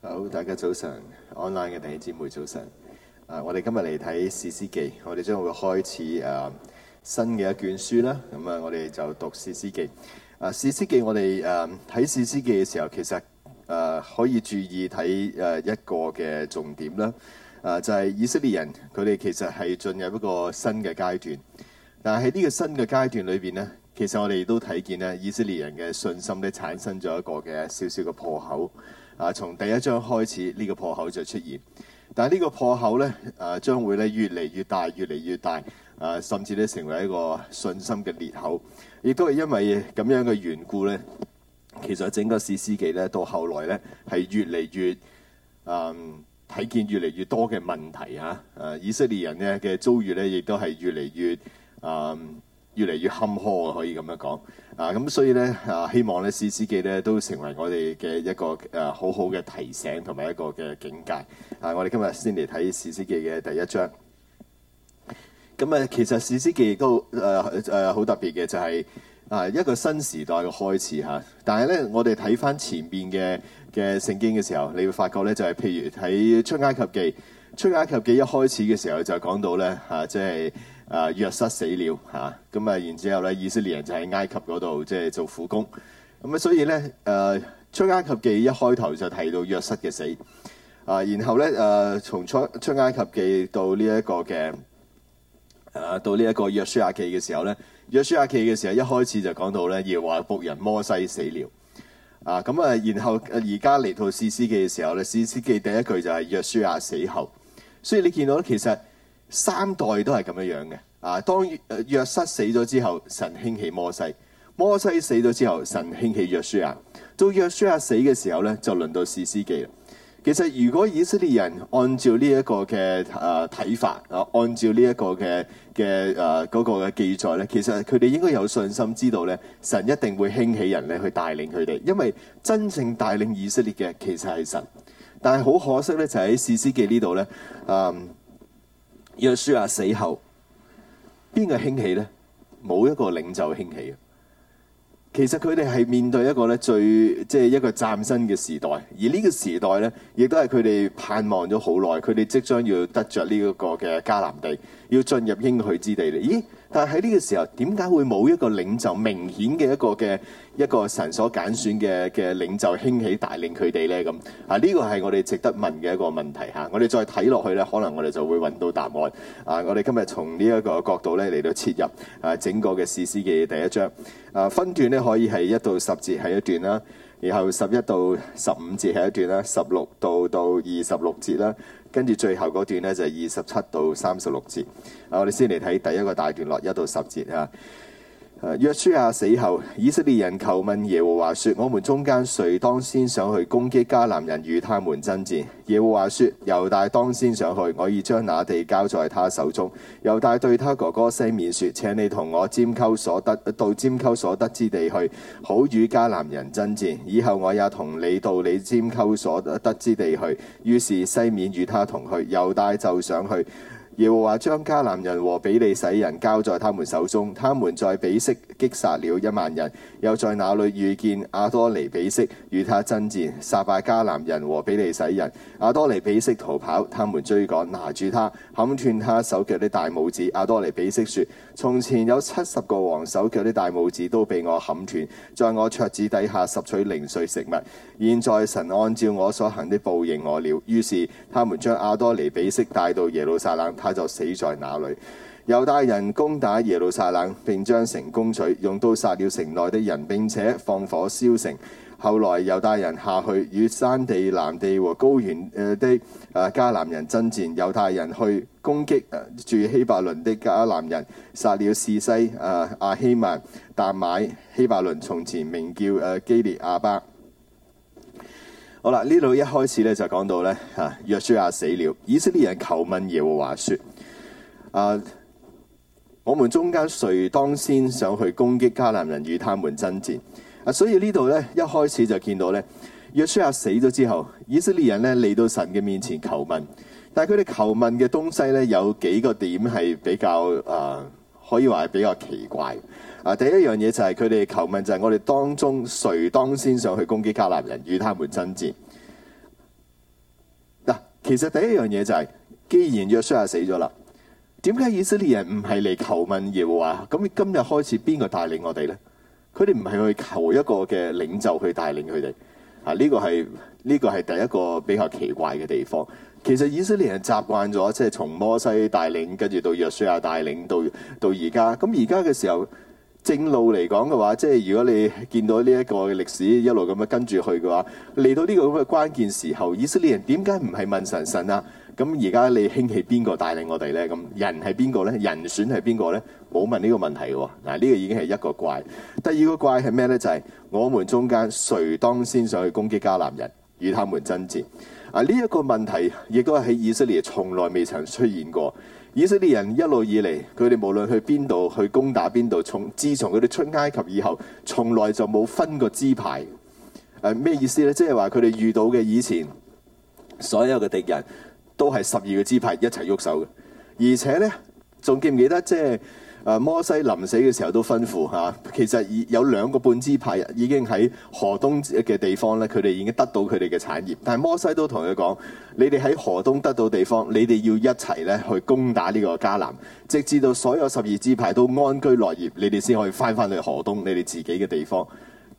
好，大家早晨，online 嘅弟兄姊妹早晨。啊，我哋今日嚟睇《士師記》，我哋將會開始啊新嘅一卷書啦。咁啊，我哋就讀《士師記》。士、啊、師記》我哋，我哋誒喺《士師記》嘅時候，其實誒、啊、可以注意睇誒一個嘅重點啦。啊，就係、是、以色列人，佢哋其實係進入一個新嘅階段。但係喺呢個新嘅階段裏邊呢，其實我哋都睇見咧，以色列人嘅信心咧產生咗一個嘅少少嘅破口。啊！從第一章開始，呢、這個破口就出現，但係呢個破口呢，啊，將會咧越嚟越大，越嚟越大，啊，甚至咧成為一個信心嘅裂口，亦都係因為咁樣嘅緣故呢，其實整個士師記呢，到後來呢，係越嚟越啊，睇、嗯、見越嚟越多嘅問題嚇，誒、啊，以色列人咧嘅遭遇呢，亦都係越嚟越啊。嗯越嚟越坎坷，可以咁樣講啊，咁所以呢，啊，希望呢士師記呢》呢都成為我哋嘅一個誒、啊、好好嘅提醒同埋一個嘅境界啊！我哋今日先嚟睇《士師記》嘅第一章。咁啊，其實《士師記》都誒誒好特別嘅，就係、是、啊一個新時代嘅開始嚇、啊。但係呢，我哋睇翻前面嘅嘅聖經嘅時候，你會發覺呢，就係、是、譬如睇《出埃及記》，《出埃及記》一開始嘅時候就講到呢，嚇、啊，即係。啊，約瑟死了嚇，咁啊，然之後咧，以色列人就喺埃及嗰度即係做苦工，咁啊，所以咧，誒出埃及記一開頭就提到約瑟嘅死，啊，然後咧，誒從出出埃及記到呢一個嘅，誒、啊、到呢一個約書亞記嘅時候咧，約書亞記嘅時候一開始就講到咧，耶和華僕人摩西死了，啊，咁啊，然後而家嚟到士師記嘅時候咧，士師記第一句就係約書亞死後，所以你見到其實。三代都係咁樣樣嘅，啊！當、呃、約瑟死咗之後，神興起摩西；摩西死咗之後，神興起約書亞。到約書亞死嘅時候咧，就輪到士師記啦。其實如果以色列人按照呢一個嘅誒睇法啊、呃，按照呢一個嘅嘅誒嗰個嘅記載咧，其實佢哋應該有信心知道咧，神一定會興起人咧去帶領佢哋，因為真正帶領以色列嘅其實係神。但係好可惜咧，就喺、是、士師記這裡呢度咧，嗯、呃。約書亞死後，邊個興起呢？冇一個領袖興起。其實佢哋係面對一個咧最即係一個嶄新嘅時代，而呢個時代咧，亦都係佢哋盼望咗好耐，佢哋即將要得着呢一個嘅迦南地。要進入應許之地咧？咦！但係喺呢個時候，點解會冇一個領袖明顯嘅一個嘅一個神所揀選嘅嘅領袖興起帶領佢哋呢？咁啊，呢個係我哋值得問嘅一個問題嚇。我哋再睇落去，呢可能我哋就會揾到答案。啊，我哋今日從呢一個角度咧嚟到切入啊，整個嘅士師記第一章啊，分段呢可以係一到十節係一段啦，然後十一到十五節係一段啦，十六到到二十六節啦。跟住最後嗰段呢，就係二十七到三十六節，啊，我哋先嚟睇第一個大段落一到十節吓。約書亞死後，以色列人求問耶和華說：我們中間誰當先上去攻擊迦南人與他們爭戰？耶和華說：猶大當先上去，我已將那地交在他手中。猶大對他哥哥西緬說：請你同我拈鬮所得到拈鬮所得之地去，好與迦南人爭戰。以後我也同你到你拈鬮所得之地去。於是西緬與他同去，猶大就上去。耶和華將迦南人和比利洗人交在他們手中，他們在比色擊殺了一萬人。又在那裏遇見阿多尼比色與他爭戰，殺敗迦南人和比利洗人。阿多尼比色逃跑，他們追趕，拿住他，砍斷他手腳的大拇指。阿多尼比色說：從前有七十個王手腳的大拇指都被我砍斷，在我桌子底下拾取零碎食物。現在神按照我所行的報應我了。於是他們將阿多尼比色帶到耶路撒冷。就死在那裏。猶大人攻打耶路撒冷，並將城攻取，用刀殺了城內的人，並且放火燒城。後來猶大人下去與山地、南地和高原誒的誒迦、啊、南人爭戰。猶大人去攻擊、啊、住希伯倫的迦南人，殺了士西誒亞、啊、希曼、但買希伯倫，從前名叫誒、啊、基列亞巴。好啦，呢度一開始咧就講到咧，啊，約書亞、啊、死了，以色列人求問耶和華說：啊，我們中間誰當先想去攻擊迦南人與他們爭戰？啊，所以呢度咧一開始就見到咧，約書亞、啊、死咗之後，以色列人咧嚟到神嘅面前求問，但係佢哋求問嘅東西咧有幾個點係比較啊，可以話係比較奇怪。啊！第一樣嘢就係佢哋求問，就係我哋當中誰當先上去攻擊迦南人，與他們爭戰。嗱、啊，其實第一樣嘢就係、是，既然約書亞死咗啦，點解以色列人唔係嚟求問耶和華？咁今日開始邊個帶領我哋呢？佢哋唔係去求一個嘅領袖去帶領佢哋。啊，呢、這個係呢、這個係第一個比較奇怪嘅地方。其實以色列人習慣咗，即、就、係、是、從摩西帶領，跟住到約書亞帶領，到到而家。咁而家嘅時候。正路嚟講嘅話，即係如果你見到呢一個歷史一路咁樣跟住去嘅話，嚟到呢個咁嘅關鍵時候，以色列人點解唔係問神神啊？咁而家你興起邊個帶領我哋呢？咁人係邊個呢？人選係邊個呢？冇問呢個問題喎。嗱，呢個已經係一個怪。第二個怪係咩呢？就係我們中間誰當先上去攻擊迦南人，與他們爭戰啊？呢一個問題亦都係以色列人從來未曾出現過。以色列人一路以嚟，佢哋無論去邊度、去攻打邊度，從自從佢哋出埃及以後，從來就冇分過支派。誒、呃、咩意思呢？即係話佢哋遇到嘅以前所有嘅敵人都係十二個支派一齊喐手嘅，而且呢，仲記唔記得即係？誒、啊、摩西臨死嘅時候都吩咐嚇、啊，其實有兩個半支派已經喺河東嘅地方咧，佢哋已經得到佢哋嘅產業。但係摩西都同佢講：，你哋喺河東得到地方，你哋要一齊咧去攻打呢個迦南，直至到所有十二支派都安居樂業，你哋先可以翻返去河東你哋自己嘅地方。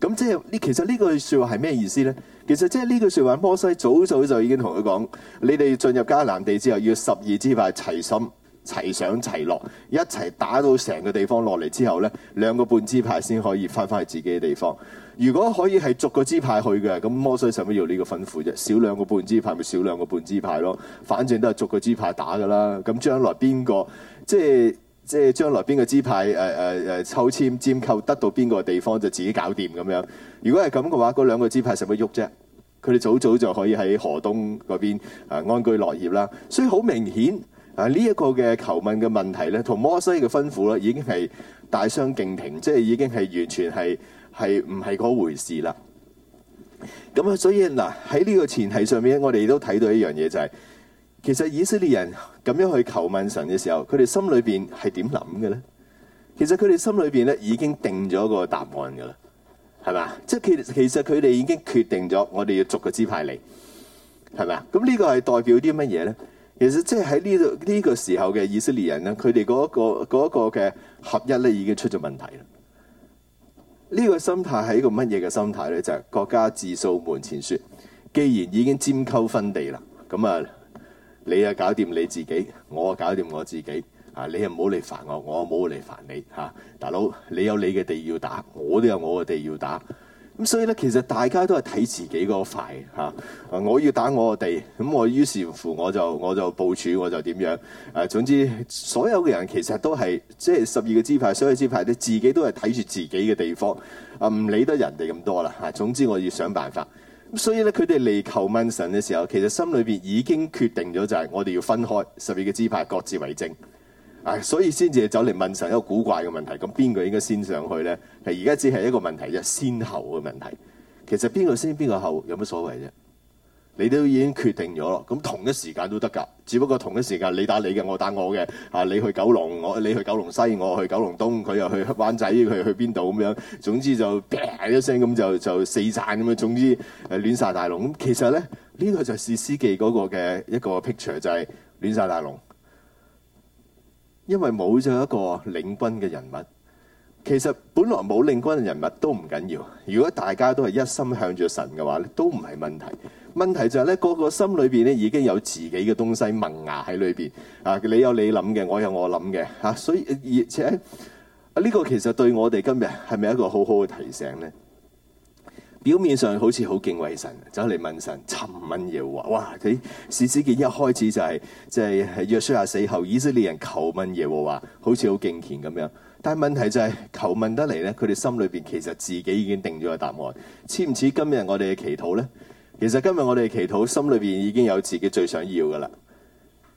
咁即係，其實呢句說話係咩意思呢？其實即係呢句說話，摩西早早就已經同佢講：，你哋進入迦南地之後，要十二支派齊心。齊上齊落，一齊打到成個地方落嚟之後呢，兩個半支派先可以返返去自己嘅地方。如果可以係逐個支派去嘅，咁摩西使乜要呢個吩咐啫？少兩個半支派咪少兩個半支派咯。反正都係逐個支派打㗎啦。咁將來邊個，即係即係將來邊個支派誒誒、啊啊、抽籤佔購得到邊個地方就自己搞掂咁樣。如果係咁嘅話，嗰兩個支派使乜喐啫？佢哋早早就可以喺河東嗰邊、啊、安居樂業啦。所以好明顯。嗱，呢一個嘅求問嘅問題咧，同摩西嘅吩咐咧，已經係大相徑庭，即係已經係完全係係唔係嗰回事啦。咁啊，所以嗱，喺呢個前提上面，我哋都睇到一樣嘢，就是，就係其實以色列人咁樣去求問神嘅時候，佢哋心裏邊係點諗嘅咧？其實佢哋心裏邊咧已經定咗個答案噶啦，係咪？即係其其實佢哋已經決定咗，我哋要逐個支派嚟，係咪？咁呢個係代表啲乜嘢咧？其實即係喺呢度呢個時候嘅以色列人咧，佢哋嗰一個嘅合一咧已經出咗問題啦。呢、這個心態係一個乜嘢嘅心態咧？就係、是、國家自掃門前雪。既然已經尖溝分地啦，咁啊，你啊搞掂你自己，我啊搞掂我自己。啊，你又唔好嚟煩我，我冇嚟煩你。嚇、啊，大佬，你有你嘅地要打，我都有我嘅地要打。咁所以咧，其實大家都係睇自己嗰塊、啊、我要打我嘅地，咁我於是乎我就我就部署，我就點樣誒、啊？總之，所有嘅人其實都係即係十二個支派，所有支派你自己都係睇住自己嘅地方，唔、啊、理得人哋咁多啦嚇、啊。總之，我要想辦法咁，所以咧佢哋嚟求問神嘅時候，其實心裏邊已經決定咗就係我哋要分開十二個支派，各自為政。啊、所以先至走嚟問神一個古怪嘅問題，咁邊個應該先上去呢？係而家只係一個問題啫，先後嘅問題。其實邊個先邊個後有乜所謂啫？你都已經決定咗咯，咁同一時間都得㗎。只不過同一時間你打你嘅，我打我嘅。啊，你去九龍，我你去九龍西，我去九龍東，佢又去黑灣仔，佢又去邊度咁樣？總之就啪一聲咁就就四散咁樣，總之誒亂晒大龍。其實呢，呢、呢個就係士師記嗰個嘅一個 picture，就係亂晒大龍。因為冇咗一個領軍嘅人物，其實本來冇領軍嘅人物都唔緊要。如果大家都係一心向住神嘅話咧，都唔係問題。問題就係咧，個個心裏邊咧已經有自己嘅東西萌芽喺裏邊啊！你有你諗嘅，我有我諗嘅嚇，所以而且呢個其實對我哋今日係咪一個好好嘅提醒咧？表面上好似好敬畏神，走嚟問神、尋問耶和華。哇！佢士師記一開始就係即係約書亞死後，以色列人求問耶和華，好似好敬虔咁樣。但係問題就係、係、求問得嚟咧，佢哋心裏面其實自己已經定咗個答案。似唔似今日我哋嘅祈禱咧？其實今日我哋嘅祈禱心裏面已經有自己最想要噶啦。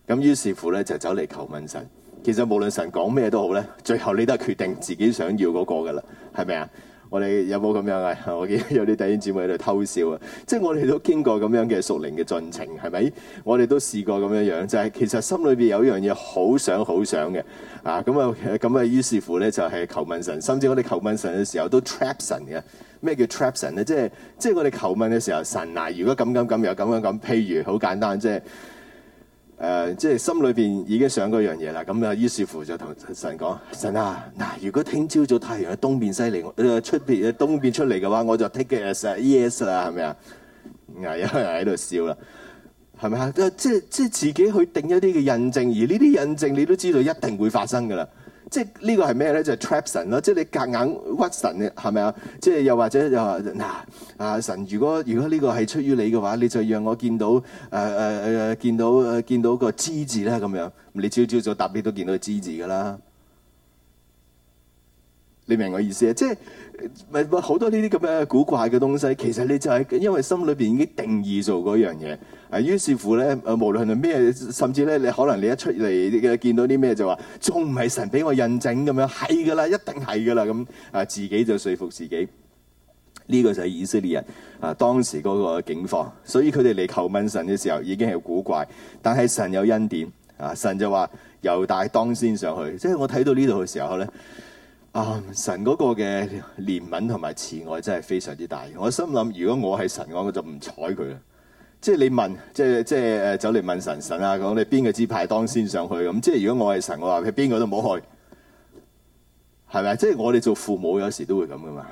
咁於是乎咧，就走嚟求問神。其實無論神講咩都好咧，最後你都係決定自己想要嗰個噶啦，係咪啊？我哋有冇咁樣啊？我見有啲弟兄姊妹喺度偷笑啊！即係我哋都經過咁樣嘅熟齡嘅進程，係咪？我哋都試過咁樣樣，就係、是、其實心裏邊有一樣嘢好想好想嘅啊！咁啊咁啊，於是乎咧就係、是、求問神，甚至我哋求問神嘅時候都 trap 神嘅。咩叫 trap 神咧？即係即係我哋求問嘅時候，神嗱、啊，如果咁咁咁，又咁樣咁，譬如好簡單，即係。誒、呃，即係心裏邊已經想嗰樣嘢啦，咁啊，於是乎就同神講：神啊，嗱，如果聽朝早太陽喺東邊西嚟、呃，出邊喺東邊出嚟嘅話，我就 take it as a yes 啦，係咪啊？啊，有人喺度笑啦，係咪啊？即係即係自己去定一啲嘅印證，而呢啲印證你都知道一定會發生嘅啦。即係呢個係咩咧？就係、是、trap 神咯，即係你隔硬屈神係咪啊？即係又或者又話嗱啊，啊神，如果如果呢個係出於你嘅話，你就讓我見到誒誒誒見到誒、啊、見到個知字啦咁樣，你朝朝早搭你都見到個知字㗎啦。你明我意思啊？即係唔係好多呢啲咁嘅古怪嘅東西，其實你就係因為心裏邊已經定義咗嗰樣嘢啊。於是乎咧，無論係咩，甚至咧，你可能你一出嚟嘅見到啲咩就話，仲唔係神俾我印證咁樣？係噶啦，一定係噶啦咁啊，自己就說服自己。呢個就係以色列人啊，當時嗰個警方，所以佢哋嚟求問神嘅時候，已經係古怪。但係神有恩典啊，神就話猶大當先上去。即係我睇到呢度嘅時候咧。啊、嗯！神嗰個嘅憐憫同埋慈愛真係非常之大。我心諗，如果我係神，我我就唔睬佢啦。即係你問，即係即係誒走嚟問神神啊，講你邊個支派當先上去咁。即係如果我係神嘅話，佢邊個都唔好去，係咪？即係我哋做父母有時都會咁噶嘛。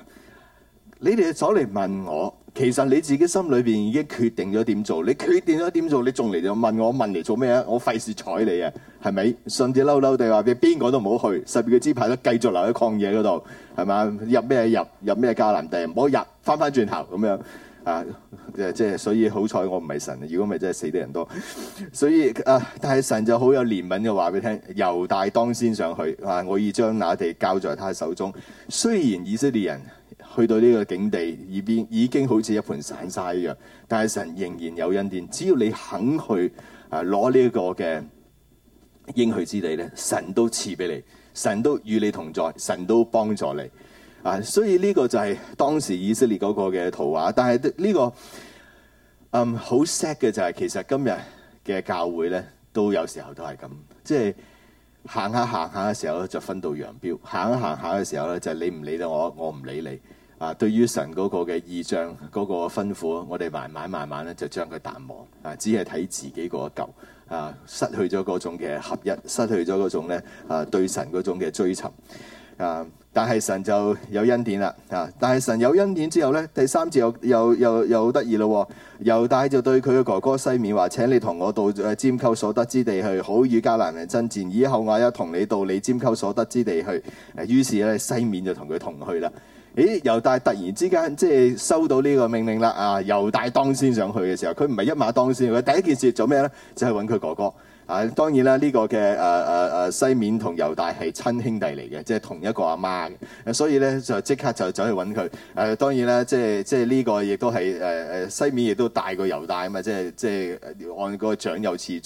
你哋走嚟問我，其實你自己心裏面已經決定咗點做，你決定咗點做，你仲嚟就問我，問嚟做咩啊？我費事睬你啊，係咪？甚至嬲嬲地話俾邊個都唔好去，十二個支派都繼續留喺曠野嗰度，係嘛？入咩入？入咩迦南地？唔好入，翻翻轉頭咁樣啊！即係所以好彩我唔係神，如果咪真係死得人多。所以啊，但係神就好有憐憫你，就話俾聽，猶大當先上去啊！我已將那地交在他手中，雖然以色列人。去到呢個境地，而邊已經好似一盤散沙一樣。但係神仍然有恩典，只要你肯去啊攞呢一個嘅應許之地咧，神都賜俾你，神都與你同在，神都幫助你啊！所以呢個就係當時以色列嗰個嘅圖畫。但係呢、這個嗯好 sad 嘅就係、是，其實今日嘅教會咧，都有時候都係咁，即、就、係、是、行下行下嘅時候咧就分道揚鑣，行下行下嘅時候咧就是、你唔理到我，我唔理你。啊！對於神嗰個嘅意象、嗰、嗰個吩咐，我哋慢慢慢慢咧就將佢淡忘啊！只係睇自己嗰一嚿啊，失去咗嗰種嘅合一，失去咗嗰種咧啊對神嗰種嘅追尋啊！但係神就有恩典啦啊！但係神有恩典之後咧，第三節又又又又得意咯，猶大、哦、就對佢嘅哥哥西緬話：請你同我到誒拈鬮所得之地去，好與迦南人爭戰。以後我一同你到你拈鬮所得之地去。於是咧，西緬就同佢同去啦。咦，猶大突然之間即係收到呢個命令啦啊！猶大當先上去嘅時候，佢唔係一馬當先，佢第一件事做咩咧？就係去揾佢哥哥啊！當然啦，呢、這個嘅誒誒誒西面同猶大係親兄弟嚟嘅，即係同一個阿媽嘅，所以咧就即刻就走去揾佢。誒、啊、當然啦，即係即係呢個亦都係誒誒西面亦都大過猶大啊嘛，即係即係按嗰個長幼次序。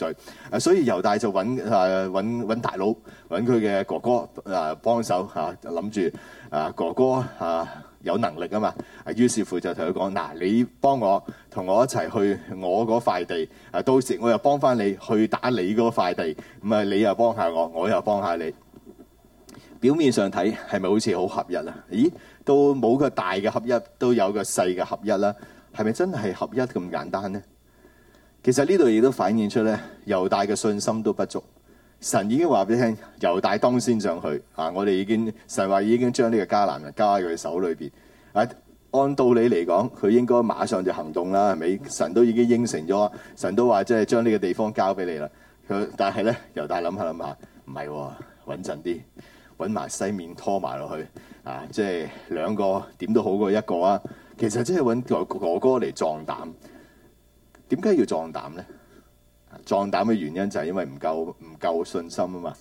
所以猶大就揾啊揾大佬揾佢嘅哥哥啊幫手嚇，諗住。啊啊哥哥啊，有能力啊嘛，於是乎就同佢講：嗱、啊，你幫我同我一齊去我嗰塊地，啊到時我又幫翻你去打你嗰塊地，咁啊你又幫下我，我又幫下你。表面上睇係咪好似好合一啊？咦，都冇個大嘅合一，都有個細嘅合一啦。係咪真係合一咁簡單呢？其實呢度亦都反映出咧，猶大嘅信心都不足。神已經話俾你聽，猶大當先上去啊！我哋已經神話已經將呢個迦南人交喺佢手裏邊啊！按道理嚟講，佢應該馬上就行動啦，係咪？神都已經應承咗，神都話即係將呢個地方交俾你啦。佢但係咧，猶大諗下諗下，唔係喎，穩陣啲，揾埋西面拖埋落去啊！即係兩個點都好過一個啊！其實即係揾個哥哥嚟壯膽，點解要壯膽咧？壯膽嘅原因就係因為唔夠唔夠信心啊嘛，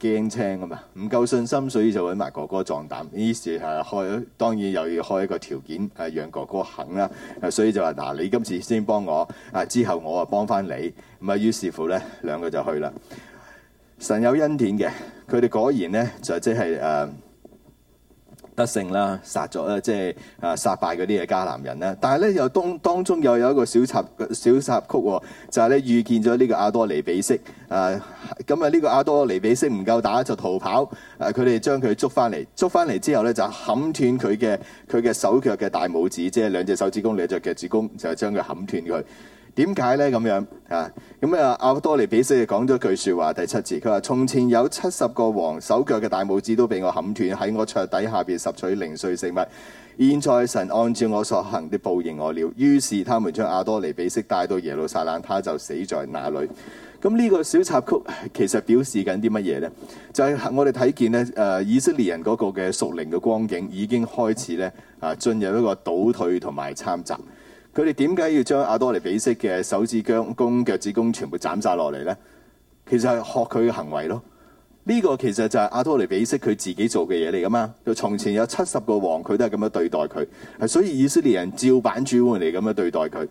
驚青啊嘛，唔夠信心所以就揾埋哥哥壯膽，於是係開當然又要開一個條件，係讓哥哥肯啦，所以就話嗱你今次先幫我，啊之後我啊幫翻你，咁啊於是乎咧兩個就去啦。神有恩典嘅，佢哋果然咧就即係誒。呃得勝啦，殺咗啦，即係誒殺敗嗰啲嘅迦南人啦。但係咧又當當中又有，有一個小插小插曲，哦、就係咧遇見咗呢個亞多尼比色。誒、啊，咁啊呢個亞多尼比色唔夠打就逃跑誒，佢、啊、哋將佢捉翻嚟，捉翻嚟之後咧就冚斷佢嘅佢嘅手腳嘅大拇指，即、就、係、是、兩隻手指公、兩隻腳趾公，就係將佢冚斷佢。點解呢？咁樣啊？咁啊，亞、啊啊、多尼比色講咗句説話，第七節，佢話：從前有七十個，王手腳嘅大拇指都俾我冚斷，喺我桌底下邊拾取零碎食物。現在神按照我所行的報應我了。於是他們將亞多尼比色帶到耶路撒冷，他就死在那裏。」咁呢個小插曲其實表示緊啲乜嘢呢？就係、是、我哋睇見呢、啊、以色列人嗰個嘅屬靈嘅光景已經開始呢啊進入一個倒退同埋參雜。佢哋點解要將亞多尼比色嘅手指公、腳趾公全部斬晒落嚟呢？其實係學佢嘅行為咯。呢、這個其實就係亞多尼比色佢自己做嘅嘢嚟噶嘛。就從前有七十個王，佢都係咁樣對待佢，所以以色列人照板煮碗嚟咁樣對待佢。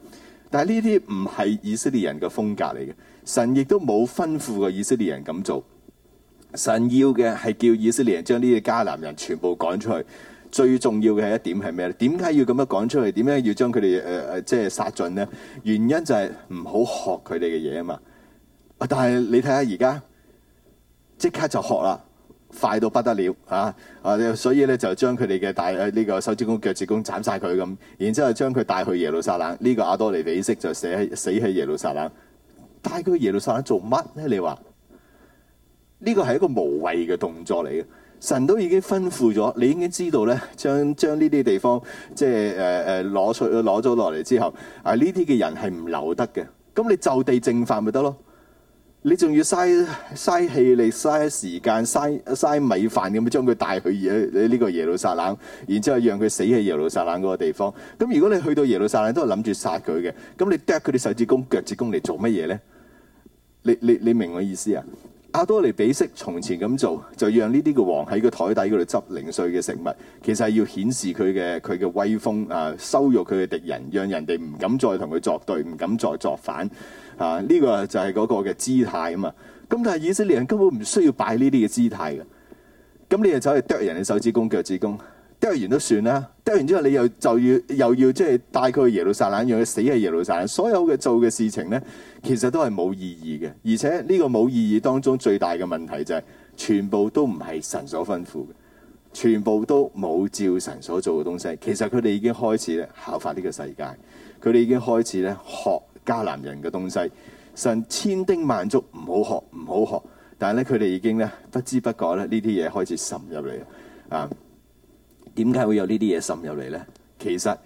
但係呢啲唔係以色列人嘅風格嚟嘅。神亦都冇吩咐過以色列人咁做。神要嘅係叫以色列人將呢啲迦南人全部趕出去。最重要嘅係一點係咩咧？點解要咁樣講出嚟？點解要將佢哋誒誒即係殺盡咧？原因就係唔好學佢哋嘅嘢啊嘛！但係你睇下而家即刻就學啦，快到不得了啊！啊，所以咧就將佢哋嘅大誒呢個手指公腳趾公斬晒佢咁，然之後將佢帶去耶路撒冷。呢個阿多尼比色就死喺死喺耶路撒冷。帶佢去耶路撒冷做乜咧？你話呢個係一個無謂嘅動作嚟嘅。神都已經吩咐咗，你已經知道咧，將將呢啲地方即係誒誒攞出攞咗落嚟之後，啊呢啲嘅人係唔留得嘅，咁你就地正法咪得咯？你仲要嘥嘥氣力、嘥時間、嘥嘥米飯咁樣將佢帶去而呢個耶路撒冷，然之後讓佢死喺耶路撒冷嗰個地方。咁如果你去到耶路撒冷都係諗住殺佢嘅，咁你剁佢啲手指公、腳趾公嚟做乜嘢咧？你你你明我意思啊？阿多尼比色從前咁做，就讓呢啲嘅王喺個台底嗰度執零碎嘅食物，其實係要顯示佢嘅佢嘅威風啊，羞辱佢嘅敵人，讓人哋唔敢再同佢作對，唔敢再作反啊！呢個就係嗰個嘅姿態啊嘛。咁但係以色列人根本唔需要擺呢啲嘅姿態嘅，咁你就走去剁人嘅手指公、腳趾公。丟完都算啦，丟完之後你又就要又要即係帶佢去耶路撒冷，讓佢死喺耶路撒冷。所有嘅做嘅事情呢，其實都係冇意義嘅。而且呢個冇意義當中最大嘅問題就係，全部都唔係神所吩咐嘅，全部都冇照神所做嘅東西。其實佢哋已經開始咧效法呢個世界，佢哋已經開始咧學迦南人嘅東西。神千叮萬囑唔好學，唔好學，但係咧佢哋已經咧不知不覺咧呢啲嘢開始滲入嚟啊！嗯點解會有這些來呢啲嘢滲入嚟咧？其實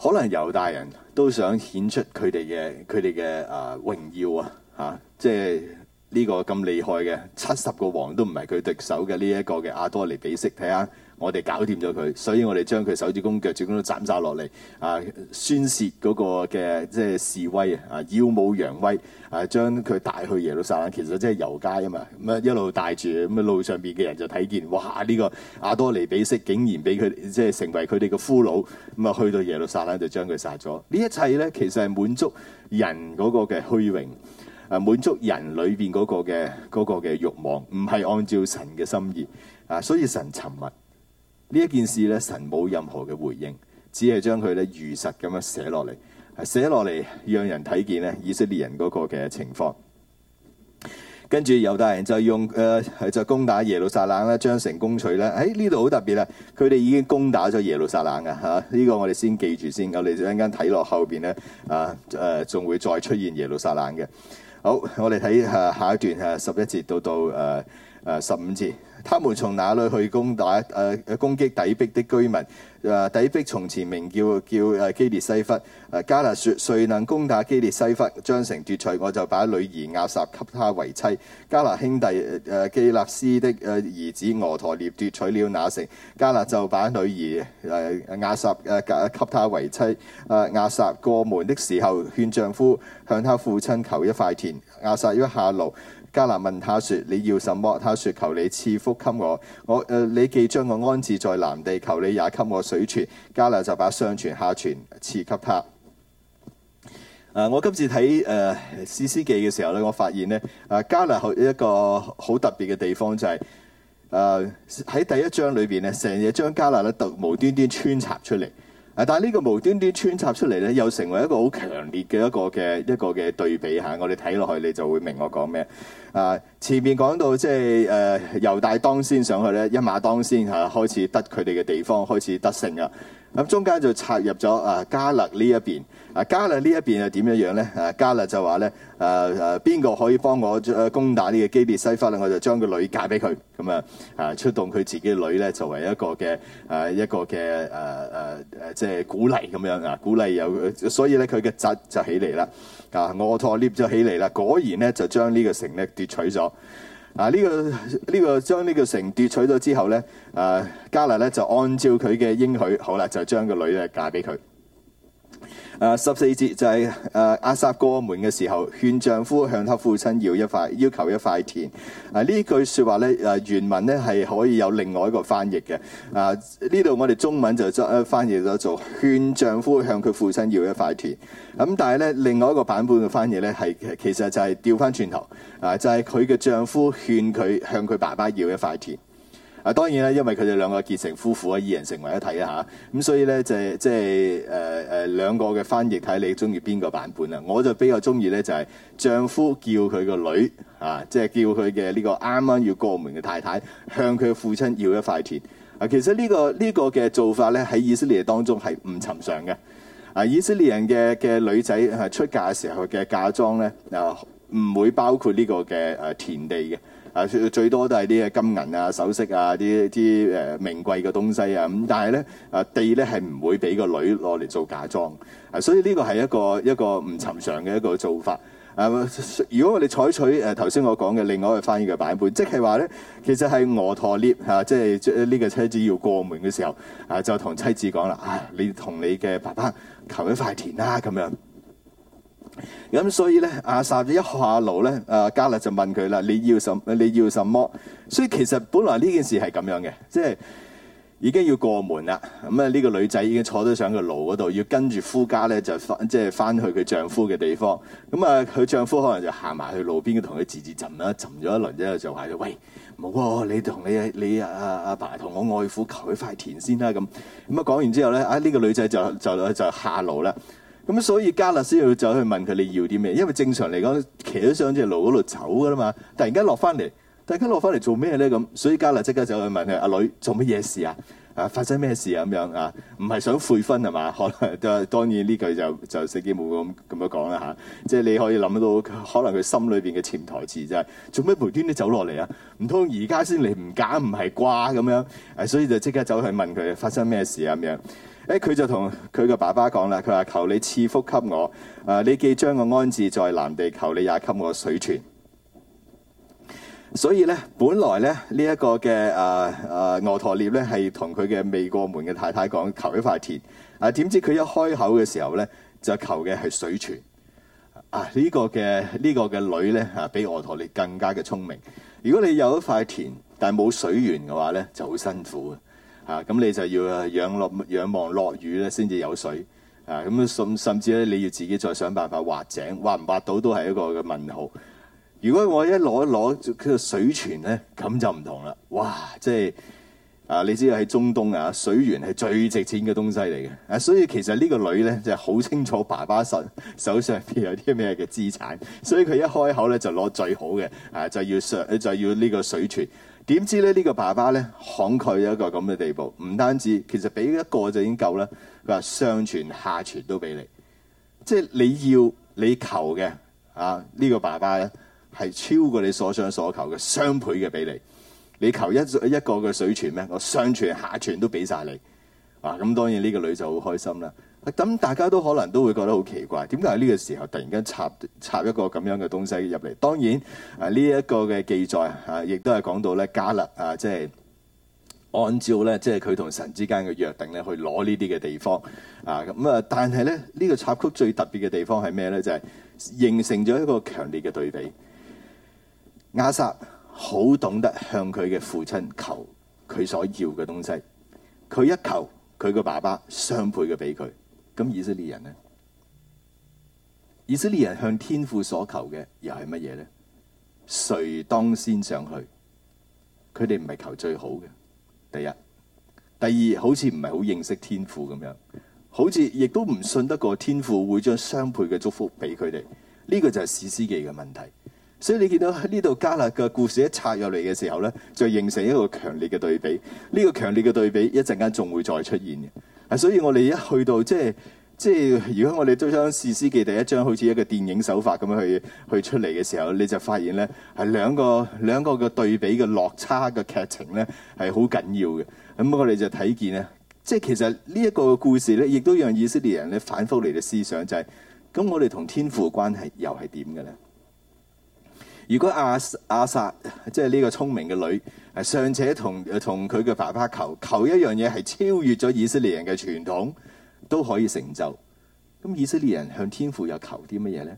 可能猶大人都想顯出佢哋嘅佢哋嘅啊榮耀啊嚇，即係呢個咁厲害嘅七十個王都唔係佢敵手嘅呢一個嘅亞、啊、多尼比色，睇下。我哋搞掂咗佢，所以我哋將佢手指公腳趾公都斬晒落嚟，啊宣泄嗰個嘅即係示威啊，耀武揚威啊，將佢帶去耶路撒冷，其實即係遊街啊嘛，咁啊一路帶住，咁啊路上邊嘅人就睇見，哇！呢個亞多尼比色竟然俾佢即係成為佢哋嘅俘虜，咁啊去到耶路撒冷就將佢殺咗。呢一切咧其實係滿足人嗰個嘅虛榮，啊滿足人裏邊嗰個嘅嗰個嘅慾望，唔係按照神嘅心意啊，所以神沉默。呢一件事咧，神冇任何嘅回應，只係將佢咧如實咁樣寫落嚟，寫落嚟讓人睇見咧以色列人嗰個嘅情況。跟住猶大人就用誒、呃、就攻打耶路撒冷咧，將城攻取咧。喺呢度好特別啊，佢哋已經攻打咗耶路撒冷嘅嚇，呢、呢個我哋先記住先咁，你陣間睇落後邊咧啊誒，仲、呃、會再出現耶路撒冷嘅。好，我哋睇下下一段誒十一節到到誒誒十五節。他們從哪裏去攻打？啊、攻擊底壁的居民？誒、啊、底壁從前名叫叫基列西弗、啊。迦勒説：誰能攻打基列西弗，將城奪取？我就把女兒押撒給他為妻。迦勒兄弟、啊、基納斯的誒兒、啊、子俄陀聶奪取了那城。迦勒就把女兒誒押撒給他為妻。誒押撒過門的時候，勸丈夫向他父親求一塊田。押撒一下驢。迦勒問他說：你要什麼？他說：求你賜福給我，我誒、呃、你既將我安置在南地，求你也給我水泉。迦勒就把上泉下泉賜給他。誒、呃，我今次睇誒士師記嘅時候咧，我發現咧誒迦勒一個好特別嘅地方就係誒喺第一章裏邊咧，成日將迦勒咧無端端穿插出嚟。但係呢個無端端穿插出嚟咧，又成為一個好強烈嘅一個嘅一個嘅對比吓，我哋睇落去你就會明我講咩。啊，前面講到即係誒，猶大當先上去咧，一馬當先嚇，開始得佢哋嘅地方，開始得勝啊。咁中間就插入咗啊，加勒呢一邊。啊，加勒呢一邊係點樣呢？咧、啊？加勒就話咧，誒邊個可以幫我攻打呢個基列西弗咧？我就將個女嫁俾佢，咁啊啊出動佢自己嘅女咧作為一個嘅、啊、一個嘅、啊啊啊、即係鼓勵咁樣啊，鼓勵有，所以咧佢嘅姪就起嚟啦，啊俄陀聶咗起嚟啦，果然咧就將呢個城咧奪取咗。啊呢、呢個呢將呢個城奪取咗之後咧、啊，加勒咧就按照佢嘅應許，好啦就將個女咧嫁俾佢。誒、啊，十四節就係、是、誒，押撒過門嘅時候，勸丈夫向他父親要一塊，要求一塊田。啊，這句呢句說話咧，誒、啊，原文咧係可以有另外一個翻譯嘅。啊，呢度我哋中文就翻譯咗做勸丈夫向佢父親要一塊田。咁、啊、但係咧，另外一個版本嘅翻譯咧，係其實就係調翻轉頭，啊，就係佢嘅丈夫勸佢向佢爸爸要一塊田。啊，當然啦，因為佢哋兩個結成夫婦啊，二人成為一體啊嚇，咁所以咧就係即係誒誒兩個嘅翻譯，睇你中意邊個版本啊？我就比較中意咧就係丈夫叫佢個女啊，即係叫佢嘅呢個啱啱要過門嘅太太向佢嘅父親要一塊田啊。其實呢個呢個嘅做法咧喺以色列當中係唔尋常嘅啊。以色列人嘅嘅女仔出嫁嘅時候嘅嫁妝咧啊，唔會包括呢個嘅誒田地嘅。啊，最多都係啲金銀啊、首飾啊、啲啲、呃、名貴嘅東西啊，咁但係咧，啊地咧係唔會俾個女攞嚟做嫁妝，啊所以呢個係一個一個唔尋常嘅一個做法。啊，如果我哋採取誒頭先我講嘅另外一個翻譯嘅版本，即係話咧，其實係我駝 lift 吓，即係呢個妻子要過門嘅時候，啊就同妻子講啦，啊你同你嘅爸爸求一塊田啦、啊、咁樣。咁所以咧，押撒一下驢咧，阿、啊、迦勒就問佢啦：你要什麼，你要什麼？所以其實本來呢件事係咁樣嘅，即係已經要過門啦。咁啊，呢個女仔已經坐咗上個驢嗰度，要跟住夫家咧就即係翻去佢丈夫嘅地方。咁啊，佢丈夫可能就行埋去路邊字字，同佢自自斟啦，斟咗一輪之後就，就話喂，冇你同你你啊阿爸同我外父求佢塊田先啦、啊。咁咁啊講完之後咧，啊呢、呢個女仔就就就，就下驢啦。咁、嗯、所以加勒斯要走去問佢你要啲咩，因為正常嚟講騎咗上隻路嗰度走噶啦嘛，突然間落翻嚟，突然間落翻嚟做咩咧咁？所以加勒即刻走去問佢：阿、啊、女做乜嘢事啊？啊發生咩事啊？咁樣啊，唔係想悔婚係嘛？可能、啊、當然呢句就就死機冇咁咁樣講啦嚇，即係你可以諗到可能佢心裏面嘅潛台詞就係做咩無端啲走落嚟啊？唔通而家先嚟唔揀唔係啩咁樣、啊？所以就即刻走去問佢發生咩事啊咁樣。佢就同佢個爸爸講啦，佢話求你賜福給我，啊，你既將我安置在南地，求你也給我水泉。所以咧，本來咧呢一個嘅、誒誒，俄陀列咧係同佢嘅未過門嘅太太講求一塊田，啊，點知佢一開口嘅時候咧就求嘅係水泉。啊，這個這個，女呢個嘅呢個嘅女咧，啊，比俄陀列更加嘅聰明。如果你有一塊田但係冇水源嘅話咧，就好辛苦。咁、啊、你就要仰落仰望落雨咧，先至有水。啊，咁甚甚至咧，你要自己再想辦法挖井，挖唔挖到都係一個嘅問號。如果我一攞一攞佢個水泉咧，咁就唔同啦。哇！即係啊，你知喺中東啊，水源係最值錢嘅東西嚟嘅。啊，所以其實呢個女咧就係好清楚爸爸手手上邊有啲咩嘅資產，所以佢一開口咧就攞最好嘅啊，就要上就要呢個水泉。點知咧？呢個爸爸咧，慷慨一個咁嘅地步，唔單止，其實俾一個就已經夠啦。佢話上泉下泉都俾你，即係你要你求嘅啊！呢個爸爸咧，係超過你所想所求嘅雙倍嘅俾你。你求一一個嘅水泉咩？我上泉下泉都俾晒你。啊，咁當然呢個女就好開心啦。咁大家都可能都會覺得好奇怪，點解喺呢個時候突然間插插一個咁樣嘅東西入嚟？當然啊，呢一個嘅記載啊，亦都係講到咧加勒啊，即係按照咧即係佢同神之間嘅約定咧，去攞呢啲嘅地方啊。咁啊，但係咧呢個插曲最特別嘅地方係咩咧？就係形成咗一個強烈嘅對比。亞薩好懂得向佢嘅父親求佢所要嘅東西，佢一求，佢個爸爸雙倍嘅俾佢。咁以色列人呢？以色列人向天父所求嘅又係乜嘢呢？誰當先上去？佢哋唔係求最好嘅，第一，第二好似唔係好認識天父咁樣，好似亦都唔信得過天父會將雙倍嘅祝福俾佢哋。呢個就係士師記嘅問題。所以你見到喺呢度加勒嘅故事一插入嚟嘅時候咧，就形成一個強烈嘅對比。呢個強烈嘅對比一陣間仲會再出現嘅。所以我哋一去到，即係即係，如果我哋都想士師記第一章，好似一個電影手法咁樣去去出嚟嘅時候，你就發現咧，係兩個兩個嘅對比嘅落差嘅劇情咧，係好緊要嘅。咁我哋就睇見咧，即係其實呢一個故事咧，亦都讓以色列人咧反覆嚟嘅思想就係、是，咁我哋同天父嘅關係又係點嘅咧？如果阿亞薩即係呢個聰明嘅女。係尚且同同佢嘅爸爸求求一樣嘢，係超越咗以色列人嘅傳統，都可以成就。咁以色列人向天父又求啲乜嘢呢？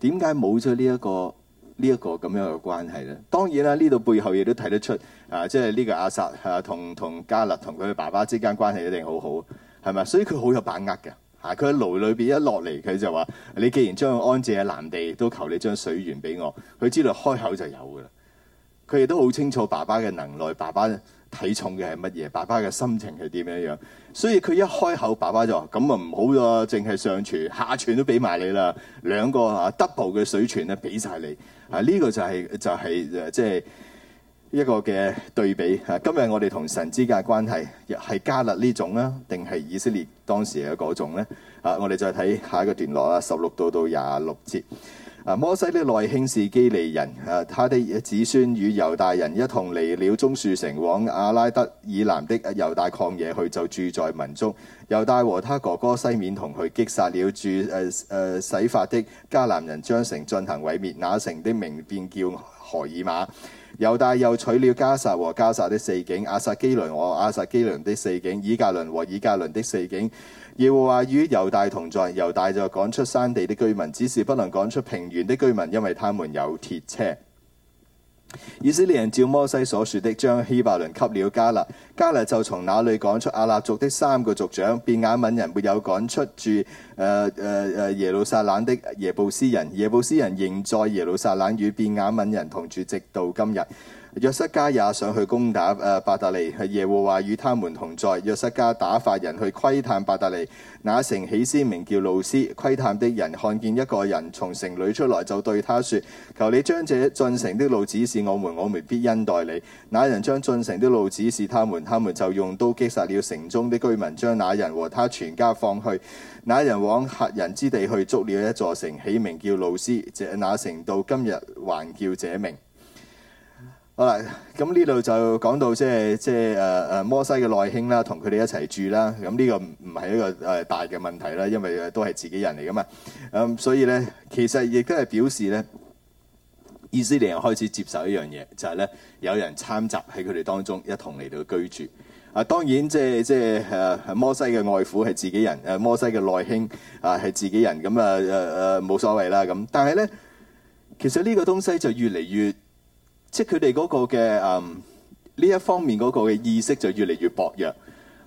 點解冇咗呢一個呢一個咁樣嘅關係呢？當然啦，呢度背後亦都睇得出，啊，即係呢個押撒同同加勒同佢爸爸之間關係一定好好，係咪？所以佢好有把握嘅。嚇、啊，佢喺牢裏邊一落嚟，佢就話：你既然將安置喺南地，都求你將水源俾我。佢知道開口就有嘅啦。佢哋都好清楚爸爸嘅能耐，爸爸睇重嘅係乜嘢，爸爸嘅心情係點樣樣。所以佢一開口，爸爸就話：咁啊唔好啊，淨係上傳下傳都俾埋你啦，兩個啊 double 嘅水傳咧俾曬你。啊，呢、這個就係、是、就係即係一個嘅對比。啊，今日我哋同神之間嘅關係係加勒這種呢種啊，定係以色列當時嘅嗰種咧？啊，我哋再睇下一個段落啦，十六到到廿六節。啊，摩西的內兄是基尼人，啊他的子孫與猶大人一同離了棕樹城，往阿拉德以南的猶大曠野去，就住在民中。猶大和他哥哥西面同去，擊殺了住、啊啊、洗法的迦南人，將城進行毀滅。那城的名便叫何珥瑪。猶大又取了迦薩和迦薩的四境，阿薩基倫和阿薩基倫的四境，以革倫和以革倫的四境。耶和華與猶大同在，猶大就趕出山地的居民，只是不能趕出平原的居民，因為他們有鐵車。以色列人照摩西所説的，將希伯倫給了迦勒，迦勒就從那裏趕出亞衲族的三個族長。便雅敏人沒有趕出住、呃呃、耶路撒冷的耶布斯人，耶布斯人仍在耶路撒冷與便雅敏人同住，直到今日。約瑟家也想去攻打誒伯特利，耶和華與他們同在。約瑟家打發人去窺探伯特利。那城，起先名叫路斯。窺探的人看見一個人從城裏出來，就對他說：求你將這進城的路指示我們，我們必恩待你。那人將進城的路指示他們，他們就用刀擊殺了城中的居民，將那人和他全家放去。那人往赫人之地去，築了一座城，起名叫路斯。這那城到今日還叫這名。好、啊、啦，咁呢度就講到即係即係誒摩西嘅內兄啦，同佢哋一齊住啦。咁呢個唔唔係一個、呃、大嘅問題啦，因為都係自己人嚟噶嘛。咁、嗯、所以咧，其實亦都係表示咧，以色列開始接受一樣嘢，就係、是、咧有人參集喺佢哋當中一同嚟到居住。啊，當然即係即係誒、啊、摩西嘅外父係自己人，啊、摩西嘅內兄啊係自己人，咁啊冇、啊、所謂啦。咁但係咧，其實呢個東西就越嚟越即係佢哋嗰個嘅嗯呢一方面嗰個嘅意識就越嚟越薄弱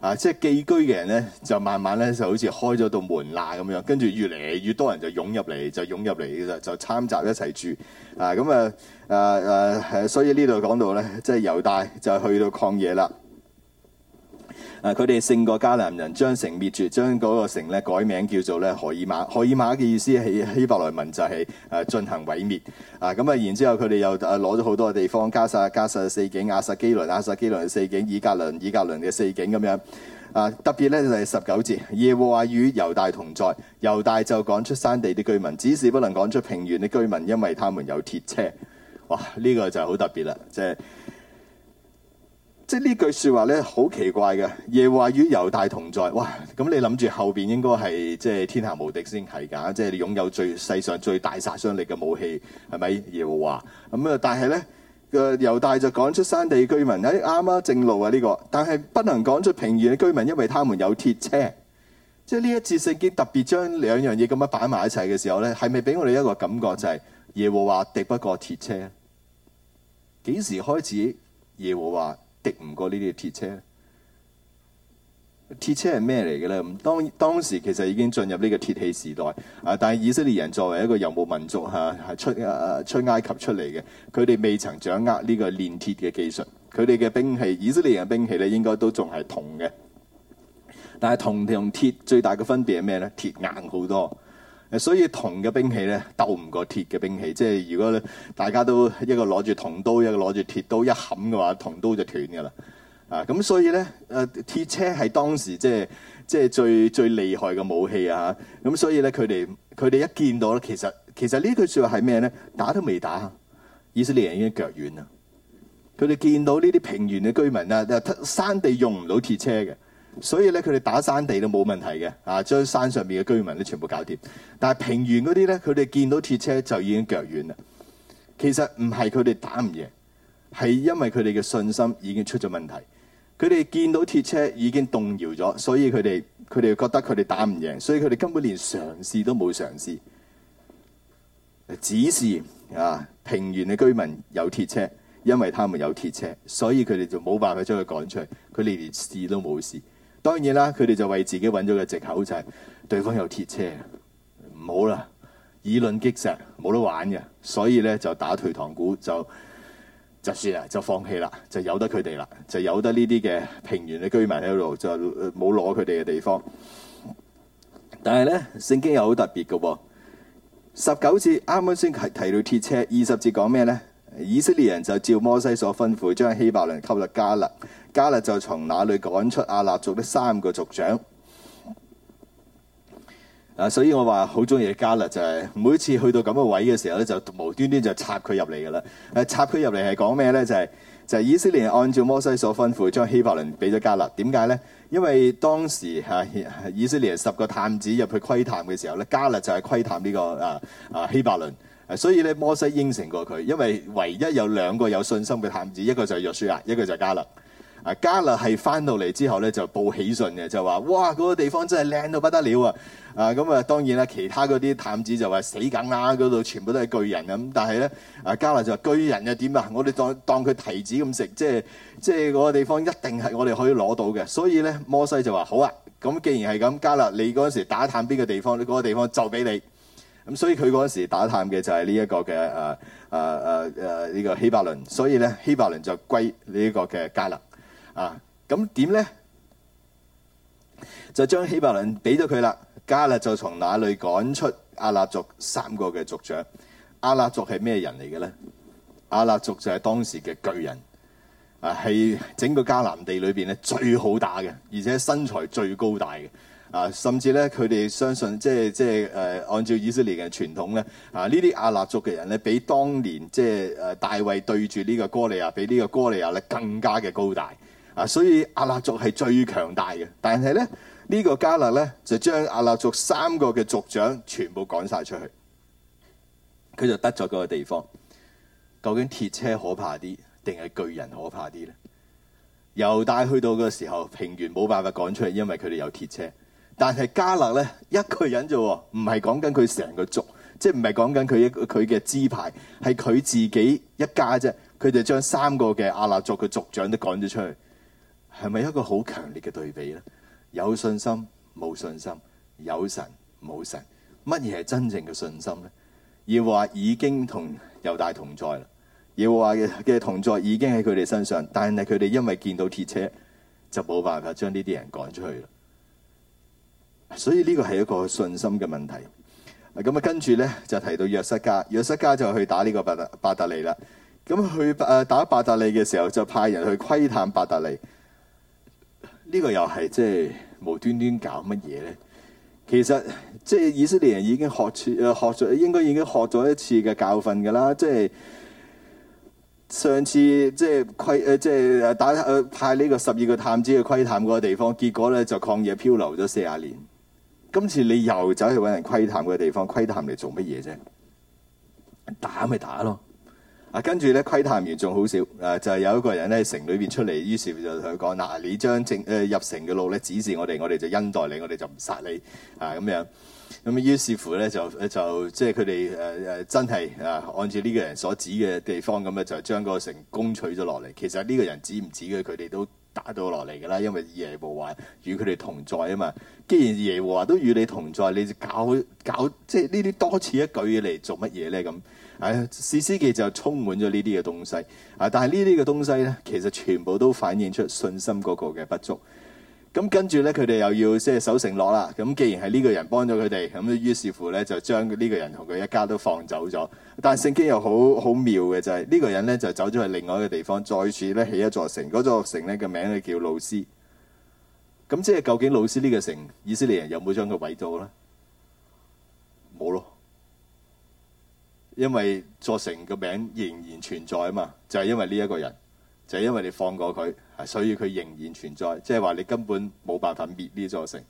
啊！即係寄居嘅人咧，就慢慢咧就好似開咗道門罅咁樣，跟住越嚟越多人就湧入嚟，就湧入嚟嘅啦，就參雜一齊住啊！咁啊誒誒係，所以呢度講到咧，即係猶大就去到曠野啦。啊！佢哋勝過迦南人，將城滅絕，將嗰個城呢改名叫做咧何珥瑪。何珥瑪嘅意思係希伯來文就係、是、誒、啊、進行毀滅。啊！咁啊，然之後佢哋又攞咗好多嘅地方，加薩加撒四境，亞、啊、撒基倫、亞、啊、撒基倫四境，以格倫、以格倫嘅四境咁樣。啊！特別呢，就係、是、十九節，耶和華與猶大同在，猶大就趕出山地啲居民，只是不能趕出平原啲居民，因為他們有鐵車。哇！呢、這個就好特別啦，即、就是即係呢句說話咧，好奇怪嘅。耶和華與猶大同在，哇！咁你諗住後面應該係即係天下無敵先係㗎，即係擁有最世上最大殺傷力嘅武器係咪？耶和華咁啊！但係咧，個猶大就趕出山地居民，啱、哎、啱正路啊呢、這個，但係不能趕出平原嘅居民，因為他們有鐵車。即係呢一次聖經特別將兩樣嘢咁樣擺埋一齊嘅時候咧，係咪俾我哋一個感覺就係、是、耶和華敵不過鐵車？幾時開始耶和華？敵唔過呢啲鐵車，鐵車係咩嚟嘅咧？當當時其實已經進入呢個鐵器時代，啊！但係以色列人作為一個遊牧民族嚇，係、啊、出啊出埃及出嚟嘅，佢哋未曾掌握呢個煉鐵嘅技術。佢哋嘅兵器，以色列人嘅兵器咧，應該都仲係銅嘅。但係銅同鐵最大嘅分別係咩咧？鐵硬好多。所以銅嘅兵器咧，鬥唔過鐵嘅兵器。即係如果大家都一個攞住銅刀，一個攞住鐵刀一冚嘅話，銅刀就斷㗎啦。啊，咁所以咧，誒、啊、鐵車係當時即係即係最最厲害嘅武器啊。咁所以咧，佢哋佢哋一見到咧，其實其實呢句説話係咩咧？打都未打，以色列人已經腳軟啦。佢哋見到呢啲平原嘅居民啦，山地用唔到鐵車嘅。所以咧，佢哋打山地都冇問題嘅，啊，將山上邊嘅居民都全部搞掂。但係平原嗰啲咧，佢哋見到鐵車就已經腳軟啦。其實唔係，佢哋打唔贏，係因為佢哋嘅信心已經出咗問題。佢哋見到鐵車已經動搖咗，所以佢哋佢哋覺得佢哋打唔贏，所以佢哋根本連嘗試都冇嘗試。只是啊，平原嘅居民有鐵車，因為他們有鐵車，所以佢哋就冇辦法將佢趕出去。佢哋連試都冇試。當然啦，佢哋就為自己揾咗個藉口，就係對方有鐵車，唔好啦，以卵擊石冇得玩嘅，所以咧就打退堂鼓，就就算啦，就放棄啦，就由得佢哋啦，就由得呢啲嘅平原嘅居民喺度，就冇攞佢哋嘅地方。但係咧，聖經又好特別嘅喎，十九節啱啱先係提到鐵車，二十節講咩咧？以色列人就照摩西所吩咐，將希伯倫給咗迦勒。加勒就從那裏趕出阿納族的三個族長啊，所以我話好中意加勒就係、是、每次去到咁嘅位嘅時候咧，就無端端就插佢入嚟噶啦。誒，插佢入嚟係講咩咧？就係、是、就是、以色列按照摩西所吩咐，將希伯倫俾咗加勒。點解咧？因為當時、啊、以色列十個探子入去窺探嘅時候咧，加勒就係窺探呢、這個啊啊希伯倫啊，所以咧摩西應承過佢，因為唯一有兩個有信心嘅探子，一個就係約書亞，一個就係加勒。啊加勒係翻到嚟之後咧就報喜訊嘅，就話哇嗰個地方真係靚到不得了啊！啊咁啊當然啦，其他嗰啲探子就話死梗啦，嗰度全部都係巨人咁啊。但係咧啊加勒就話巨人又點啊？我哋當當佢提子咁食，即係即係嗰個地方一定係我哋可以攞到嘅。所以咧摩西就話好啊，咁既然係咁，加勒你嗰時打探邊個地方，你嗰個地方就俾你。咁所以佢嗰時打探嘅就係呢一個嘅誒誒誒誒呢個希伯倫。所以咧希伯倫就歸呢一個嘅加勒。啊，咁點咧？就將希伯倫俾咗佢啦。加勒就從那裏趕出亞衲族三個嘅族長。亞衲族係咩人嚟嘅咧？亞衲族就係當時嘅巨人，啊，係整個迦南地裏面咧最好打嘅，而且身材最高大嘅。啊，甚至咧佢哋相信即係即係、啊、按照以色列嘅傳統咧，啊，呢啲亞衲族嘅人咧比當年即係、啊、大衛對住呢個哥利亞，比呢個哥利亞咧更加嘅高大。啊！所以阿納族係最強大嘅，但係咧呢、呢個加勒咧就將阿納族三個嘅族長全部趕晒出去，佢就得咗嗰個地方。究竟鐵車可怕啲，定係巨人可怕啲咧？猶大去到嘅時候，平原冇辦法趕出嚟，因為佢哋有鐵車。但係加勒咧一個人啫，喎，唔係講緊佢成個族，即係唔係講緊佢佢嘅支派，係佢自己一家啫。佢就將三個嘅阿納族嘅族長都趕咗出去。係咪一個好強烈嘅對比呢？有信心冇信心，有神冇神，乜嘢係真正嘅信心呢？要話已經同猶大同在啦，要話嘅同在已經喺佢哋身上，但係佢哋因為見到鐵車就冇辦法將呢啲人趕出去啦。所以呢個係一個信心嘅問題。咁啊，跟住呢，就提到約瑟家，約瑟家就去打呢個伯特伯特利啦。咁、啊、去打伯特利嘅時候，就派人去窺探伯特利。呢、這個又係即係無端端搞乜嘢咧？其實即係以色列人已經學次，學咗應該已經學咗一次嘅教訓㗎喇。即係上次即係窺，即係、呃、打，呃、派呢個十二個探子去窺探嗰個地方，結果咧就曠野漂流咗四十年。今次你又走去揾人窺探嗰個地方，窺探嚟做乜嘢啫？打咪打咯！啊，跟住咧，窺探員仲好少、啊，就有一個人咧，城裏面出嚟，於是就同佢講：嗱、啊，你將正、呃、入城嘅路咧指示我哋，我哋就恩待你，我哋就唔殺你，啊咁樣。咁、啊、於是乎咧就就即係佢哋誒真係啊，按照呢個人所指嘅地方咁啊，就將個城攻取咗落嚟。其實呢個人指唔指嘅，佢哋都打到落嚟㗎啦，因為耶和華與佢哋同在啊嘛。既然耶和華都與你同在，你就搞搞即係呢啲多此一舉嚟做乜嘢咧？咁。唉、啊，《士師記》就充滿咗呢啲嘅東西。啊，但係呢啲嘅東西呢，其實全部都反映出信心嗰個嘅不足。咁、啊、跟住呢，佢哋又要即係守承諾啦。咁、啊、既然係呢個人幫咗佢哋，咁、啊、於是乎呢，就將呢個人同佢一家都放走咗。但係聖經又好好妙嘅就係、是、呢個人呢，就走咗去另外一個地方，再次呢，起一座城。嗰座城呢，個名咧叫路斯。咁、啊、即係究竟路斯呢個城，以色列人有冇將佢毀咗呢？冇咯。因為座城嘅名仍然存在啊嘛，就係因為呢一個人，就係因為你放過佢，所以佢仍然存在。即係話你根本冇辦法滅呢座城。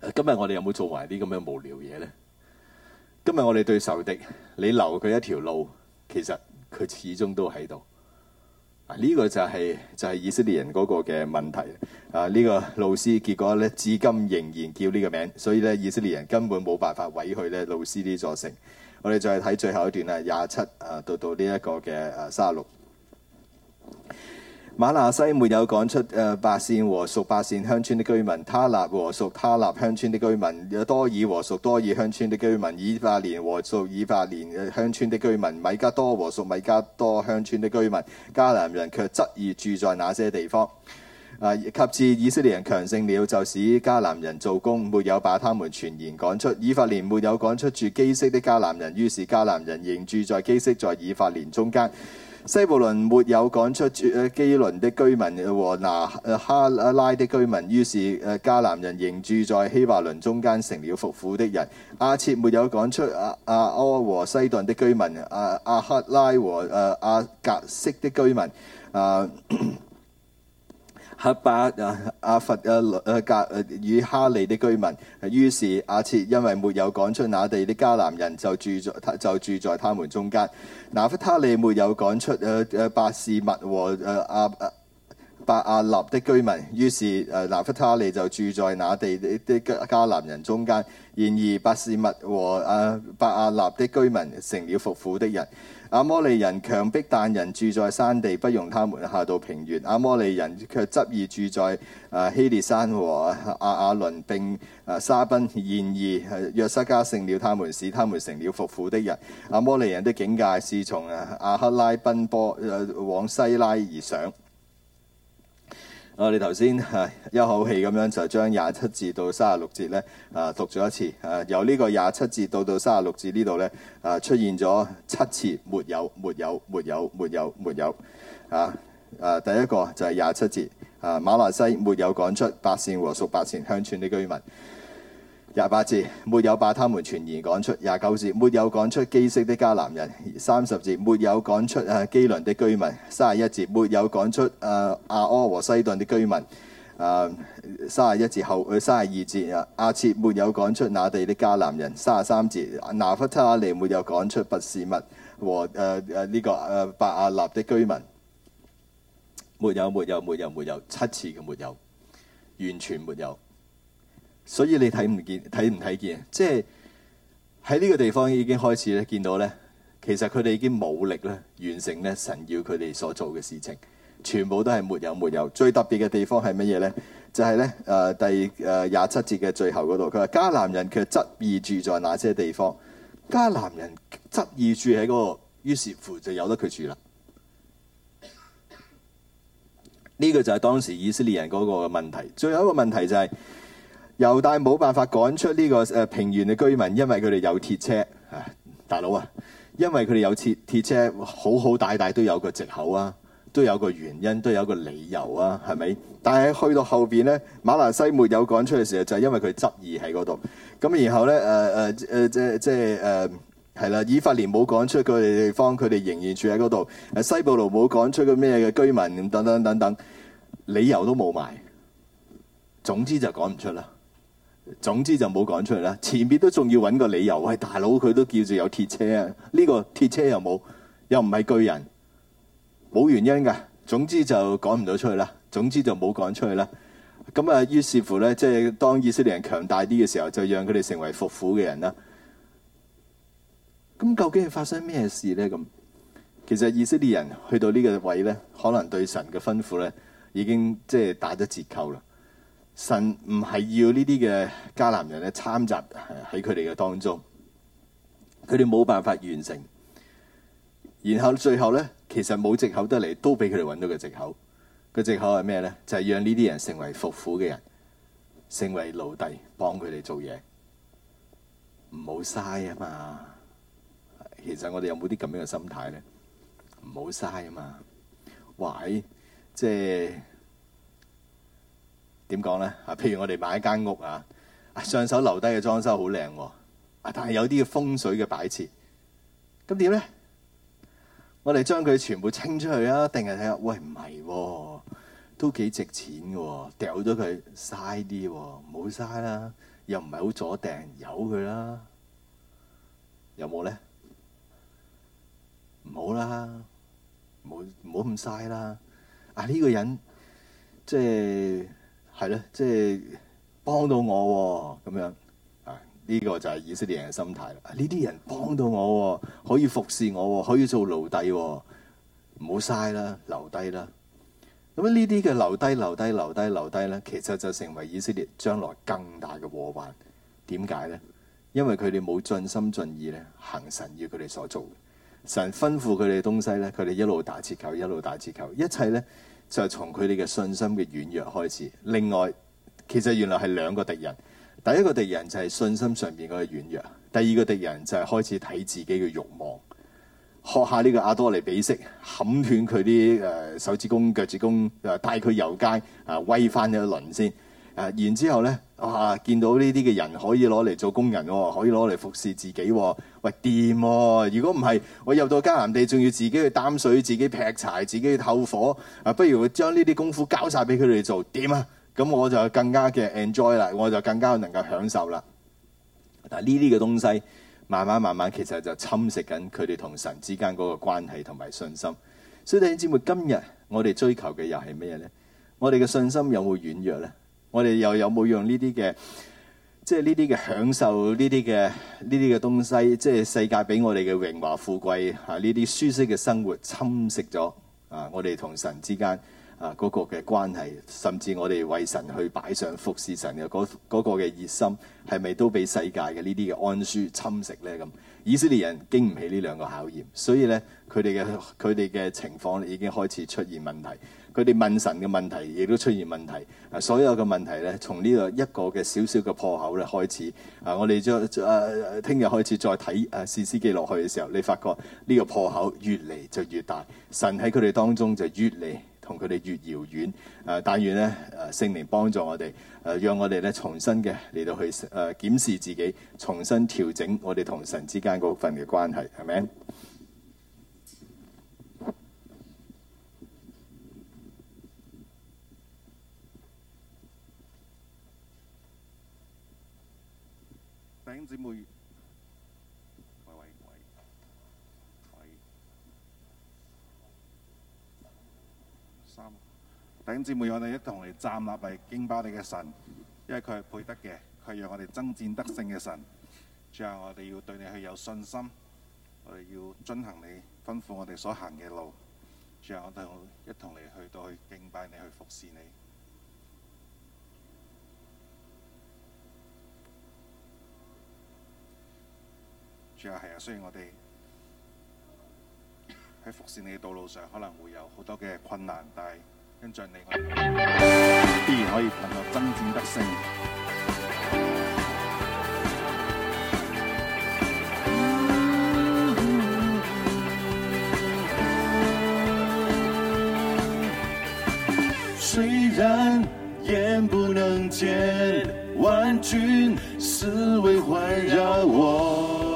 今日我哋有冇做埋啲咁嘅無聊嘢呢？今日我哋對仇敵，你留佢一條路，其實佢始終都喺度。呢個就係就係以色列人嗰個嘅問題啊。呢個路斯結果咧，至今仍然叫呢個名，所以呢，以色列人根本冇辦法毀去呢路斯呢座城。我哋再睇最後一段啦，廿七啊到到呢一個嘅啊三十六。馬拿西沒有趕出誒伯善和屬伯善鄉村的居民，他納和屬他納鄉村的居民，多爾和屬多爾鄉村的居民，以伯蓮和屬以伯蓮鄉村的居民，米加多和屬米加多鄉村的居民，迦南人卻執意住在哪些地方。啊、及至以色列人強盛了，就使迦南人做工，沒有把他們全然趕出。以法蓮沒有趕出住基色的迦南人，於是迦南人仍住在基色在以法蓮中間。西布倫沒有趕出住基倫的居民和拿哈拉的居民，於是迦南人仍住在希伯倫中間，成了服苦的人。阿切沒有趕出阿、啊、阿、啊啊、和西頓的居民，阿、啊、阿、啊、拉和阿阿、啊啊、格色的居民。啊！ 阿巴啊阿佛啊啊格與、啊、哈利的居民，於是亞設、啊、因為沒有趕出那地的迦南人，就住在就住在他們中間。拿弗他利沒有趕出啊啊伯示麥和啊，啊阿啊伯亞納的居民，於是啊拿弗他利就住在那地的的迦南人中間。然而伯示麥和啊伯亞納的居民成了服苦的人。阿摩利人強迫但人住在山地，不容他們下到平原。阿摩利人卻執意住在誒、啊、希列山和阿亞倫並誒、啊、沙賓。然、啊、而約瑟家勝了他們，使他們成了服苦的人。阿摩利人的境界是從阿赫、啊、拉賓波、啊、往西拉而上。我哋頭先係一口氣咁樣就將廿七節到三十六節咧，啊讀咗一次啊。由呢個廿七節到到三十六節呢度咧，啊出現咗七次沒有沒有沒有沒有沒有，啊啊，第一個就係廿七節啊，瑪拿西沒有趕出伯善和屬伯善鄉村的居民。廿八節沒有把他們全然趕出，廿九節沒有趕出基色的迦南人，三十節沒有趕出啊基倫的居民，三十一節沒有趕出啊亞柯和西頓的居民，啊三十一節後佢，三十二節啊亞設沒有趕出那地的迦南人，三十三節拿弗他利沒有趕出伯示麥和誒誒呢個誒伯亞納的居民，沒有沒有沒有沒有七次嘅沒有，完全沒有。所以你睇唔見，睇唔睇見？即係喺呢個地方已經開始咧，見到咧，其實佢哋已經冇力咧，完成咧神要佢哋所做嘅事情，全部都係沒有沒有。最特別嘅地方係乜嘢咧？就係咧，誒第誒廿七節嘅最後嗰度，佢話迦南人卻執意住在那些地方。迦南人執意住喺嗰、那個，於是乎就有得佢住啦。呢、這個就係當時以色列人嗰個問題。最後一個問題就係、是。又大冇辦法趕出呢個平原嘅居民，因為佢哋有鐵車啊，大佬啊，因為佢哋有鐵車，好好大大都有個藉口啊，都有個原因，都有個理由啊，係咪？但係去到後面咧，瑪拿西沒有趕出嘅時候，就係、是、因為佢執意喺嗰度。咁然後咧，誒、呃、誒、呃呃、即即係係啦，以法蓮冇趕出佢哋地方，佢哋仍然住喺嗰度。西布倫冇趕出個咩嘅居民等等等等，理由都冇埋。總之就趕唔出啦。總之就冇講出嚟啦，前面都仲要揾個理由喂，大佬，佢都叫做有鐵車啊，呢個鐵車又冇，又唔係巨人，冇原因噶。總之就趕唔到出去啦，總之就冇講出去啦。咁啊於是乎呢，即係當以色列人強大啲嘅時候，就讓佢哋成為服苦嘅人啦。咁究竟係發生咩事呢？咁其實以色列人去到呢個位呢，可能對神嘅吩咐呢，已經即係打咗折扣啦。神唔係要呢啲嘅迦南人咧參雜喺佢哋嘅當中，佢哋冇辦法完成。然後最後咧，其實冇藉口得嚟，都俾佢哋揾到個藉口。個藉口係咩咧？就係、是、讓呢啲人成為服苦嘅人，成為奴隸，幫佢哋做嘢。唔好嘥啊嘛！其實我哋有冇啲咁樣嘅心態咧？唔好嘥啊嘛！壞，即係。點講咧？啊，譬如我哋買間屋啊，上手留低嘅裝修好靚喎，啊，但係有啲嘅風水嘅擺設，咁點咧？我哋將佢全部清出去啊，定係睇下？喂，唔係喎，都幾值錢嘅喎，掉咗佢嘥啲喎，唔好嘥啦，又唔係好阻掟，由佢啦，有冇咧？唔好啦，唔好咁嘥啦。啊，呢、呢個人即係。係咧，即係幫到我喎、哦，咁樣啊，呢、呢個就係以色列人嘅心態啦。呢、啊、啲人幫到我喎、哦，可以服侍我喎、哦，可以做奴隸喎、哦，唔好嘥啦，留低啦。咁呢啲嘅留低、留低、留低、留低呢，其實就成為以色列將來更大嘅禍患。點解呢？因為佢哋冇盡心盡意咧，行神要佢哋所做嘅。神吩咐佢哋嘅東西咧，佢哋一路打折扣，一路打折扣，一切咧。就係從佢哋嘅信心嘅軟弱開始。另外，其實原來係兩個敵人。第一個敵人就係信心上邊嗰個軟弱。第二個敵人就係開始睇自己嘅慾望，學下呢個亞多尼比色，冚斷佢啲誒手指公腳趾公，誒、呃、帶佢遊街，誒、呃、威翻一輪先。啊！然之後呢，哇！見到呢啲嘅人可以攞嚟做工人、哦，可以攞嚟服侍自己、哦，喂掂喎！如果唔係我入到迦南地，仲要自己去擔水、自己劈柴、自己去透火啊，不如我將呢啲功夫交晒俾佢哋做，點啊？咁我就更加嘅 enjoy 啦，我就更加能夠享受啦。但呢啲嘅東西，慢慢慢慢其實就侵蝕緊佢哋同神之間嗰個關係同埋信心。所以弟兄姐妹，今日我哋追求嘅又係咩呢？我哋嘅信心有冇軟弱呢？我哋又有冇用呢啲嘅，即係呢啲嘅享受，呢啲嘅呢啲嘅東西，即係世界俾我哋嘅榮華富貴吓，呢啲舒適嘅生活侵蝕咗啊！我哋同神之間啊嗰個嘅關係，甚至我哋為神去擺上服侍神嘅嗰嗰個嘅熱心，係咪都俾世界嘅呢啲嘅安舒侵蝕咧？咁以色列人經唔起呢兩個考驗，所以咧佢哋嘅佢哋嘅情況已經開始出現問題。佢哋問神嘅問題，亦都出現問題。啊，所有嘅問題咧，從呢個一個嘅少少嘅破口咧開始。啊，我哋再誒聽日開始再睇誒士師記落去嘅時候，你發覺呢個破口越嚟就越大。神喺佢哋當中就越嚟同佢哋越遙遠。誒、啊，但願咧誒、啊、聖靈幫助我哋，誒、啊、讓我哋咧重新嘅嚟到去誒、啊、檢視自己，重新調整我哋同神之間嗰份嘅關係，係咪？弟兄姊妹，三，弟兄姊妹，我哋一同嚟站立嚟敬拜你嘅神，因為佢係配得嘅，佢讓我哋爭戰得勝嘅神。最後我哋要對你去有信心，我哋要遵行你吩咐我哋所行嘅路。最後我哋一同嚟去到去敬拜你，去服侍你。主要係啊！所以我哋喺服侍你嘅道路上可能會有好多嘅困難，但係跟著你我哋必然可以憑著爭戰得勝。雖然眼不能見萬軍，思維環繞我。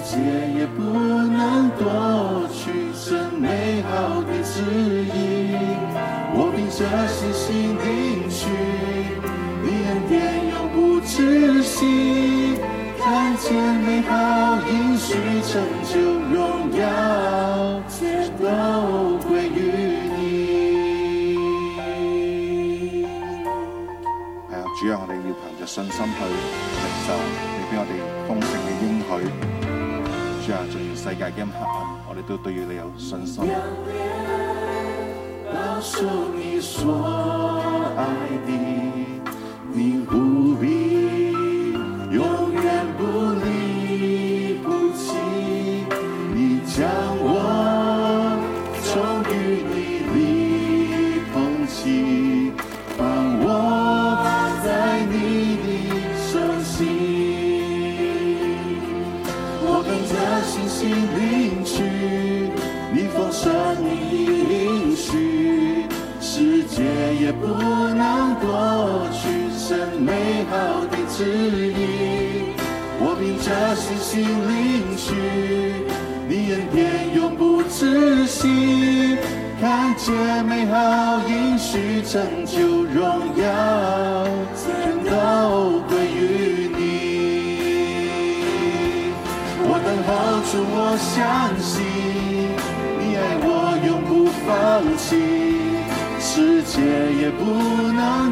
一切也不能奪取這美好的指引。我憑着信心離取，你恩典永不止息。看見美好應許，因信成就榮耀，全都歸於你。係啊，主要我哋要憑着信心去承受，你俾我哋豐盛。世界這麼黑暗，我哋都對你有信心。嗯嗯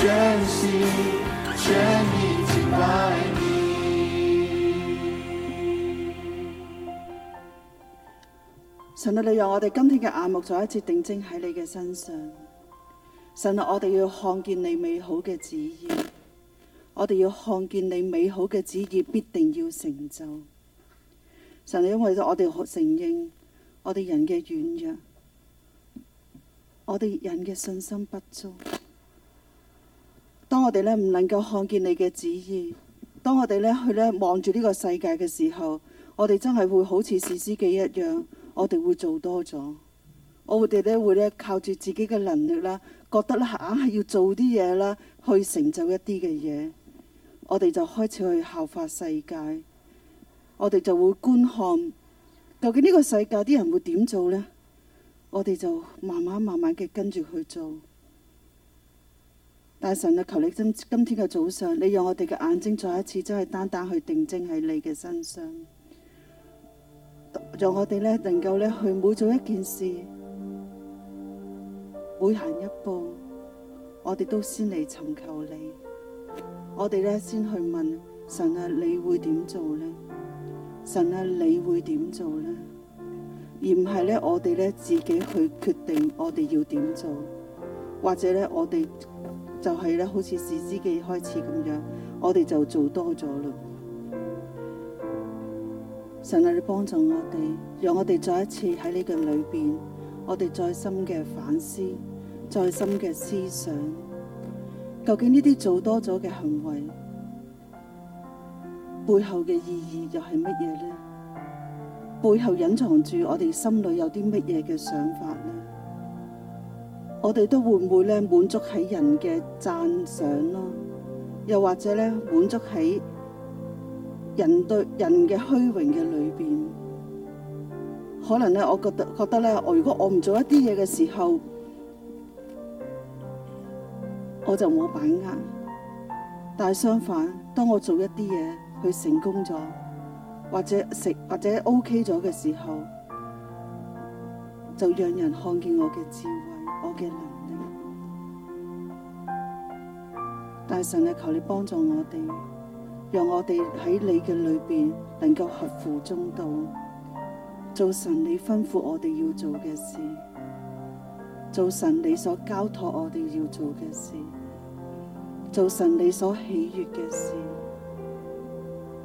全心全意敬拜你。神啊，你讓我哋今天嘅眼目再一次定睛喺你嘅身上。神啊，我哋要看見你美好嘅旨意。我哋要看見你美好嘅旨意必定要成就。神啊，因為我哋承認我哋人嘅軟弱，我哋人嘅信心不足。當我哋呢唔能夠看見你嘅旨意，當我哋呢去呢望住呢個世界嘅時候，我哋真係會好似士師記一樣，我哋會做多咗，我哋呢會呢靠住自己嘅能力啦，覺得呢硬係要做啲嘢啦，去成就一啲嘅嘢，我哋就開始去效法世界，我哋就會觀看究竟呢個世界啲人會點做呢？我哋就慢慢慢慢嘅跟住去做。但係神啊，求你今今天嘅早上，你讓我哋嘅眼睛再一次真係、就是、單單去定睛喺你嘅身上，讓我哋咧能夠咧去每做一件事，每行一步，我哋都先嚟尋求你，我哋咧先去問神啊，你會點做咧？神啊，你會點做咧？而唔係咧，我哋咧自己去決定我哋要點做，或者咧我哋。就係、是、咧，好似士師記開始咁樣，我哋就做多咗啦。神啊，你幫助我哋，讓我哋再一次喺呢個裏邊，我哋再深嘅反思，再深嘅思想。究竟呢啲做多咗嘅行為，背後嘅意義又係乜嘢咧？背後隱藏住我哋心裏有啲乜嘢嘅想法？我哋都會唔會咧，滿足在人嘅讚賞咯？又或者咧，滿足在人對人嘅虛榮嘅裏邊可能咧，我覺得覺得咧，我如果我唔做一啲嘢嘅時候，我就冇把握。但係相反，當我做一啲嘢去成功咗，或者食或者 OK 咗嘅時候，就讓人看見我嘅智慧。我嘅能力，但神啊，求你幫助我哋，讓我哋喺你嘅裏邊能夠合乎中道，做神你吩咐我哋要做嘅事，做神你所交託我哋要做嘅事，做神你所喜悅嘅事，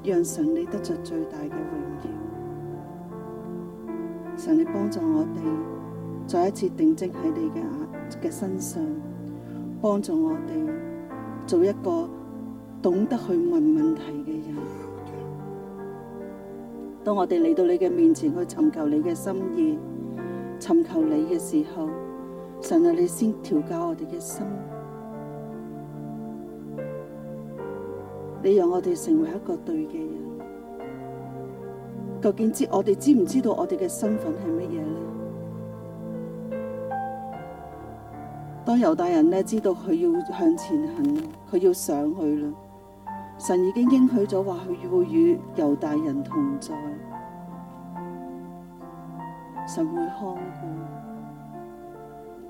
讓神你得着最大嘅榮耀。神你幫助我哋。再一次定睛喺你嘅眼嘅身上，幫助我哋做一個懂得去問問題嘅人。當我哋嚟到你嘅面前去尋求你嘅心意、尋求你嘅時候，神啊，你先調教我哋嘅心，你讓我哋成為一個對嘅人。究竟我知我哋知唔知道我哋嘅身份係乜嘢？當猶大人知道佢要向前行，佢要上去啦。神已經應許咗話佢要與猶大人同在，神會看顧。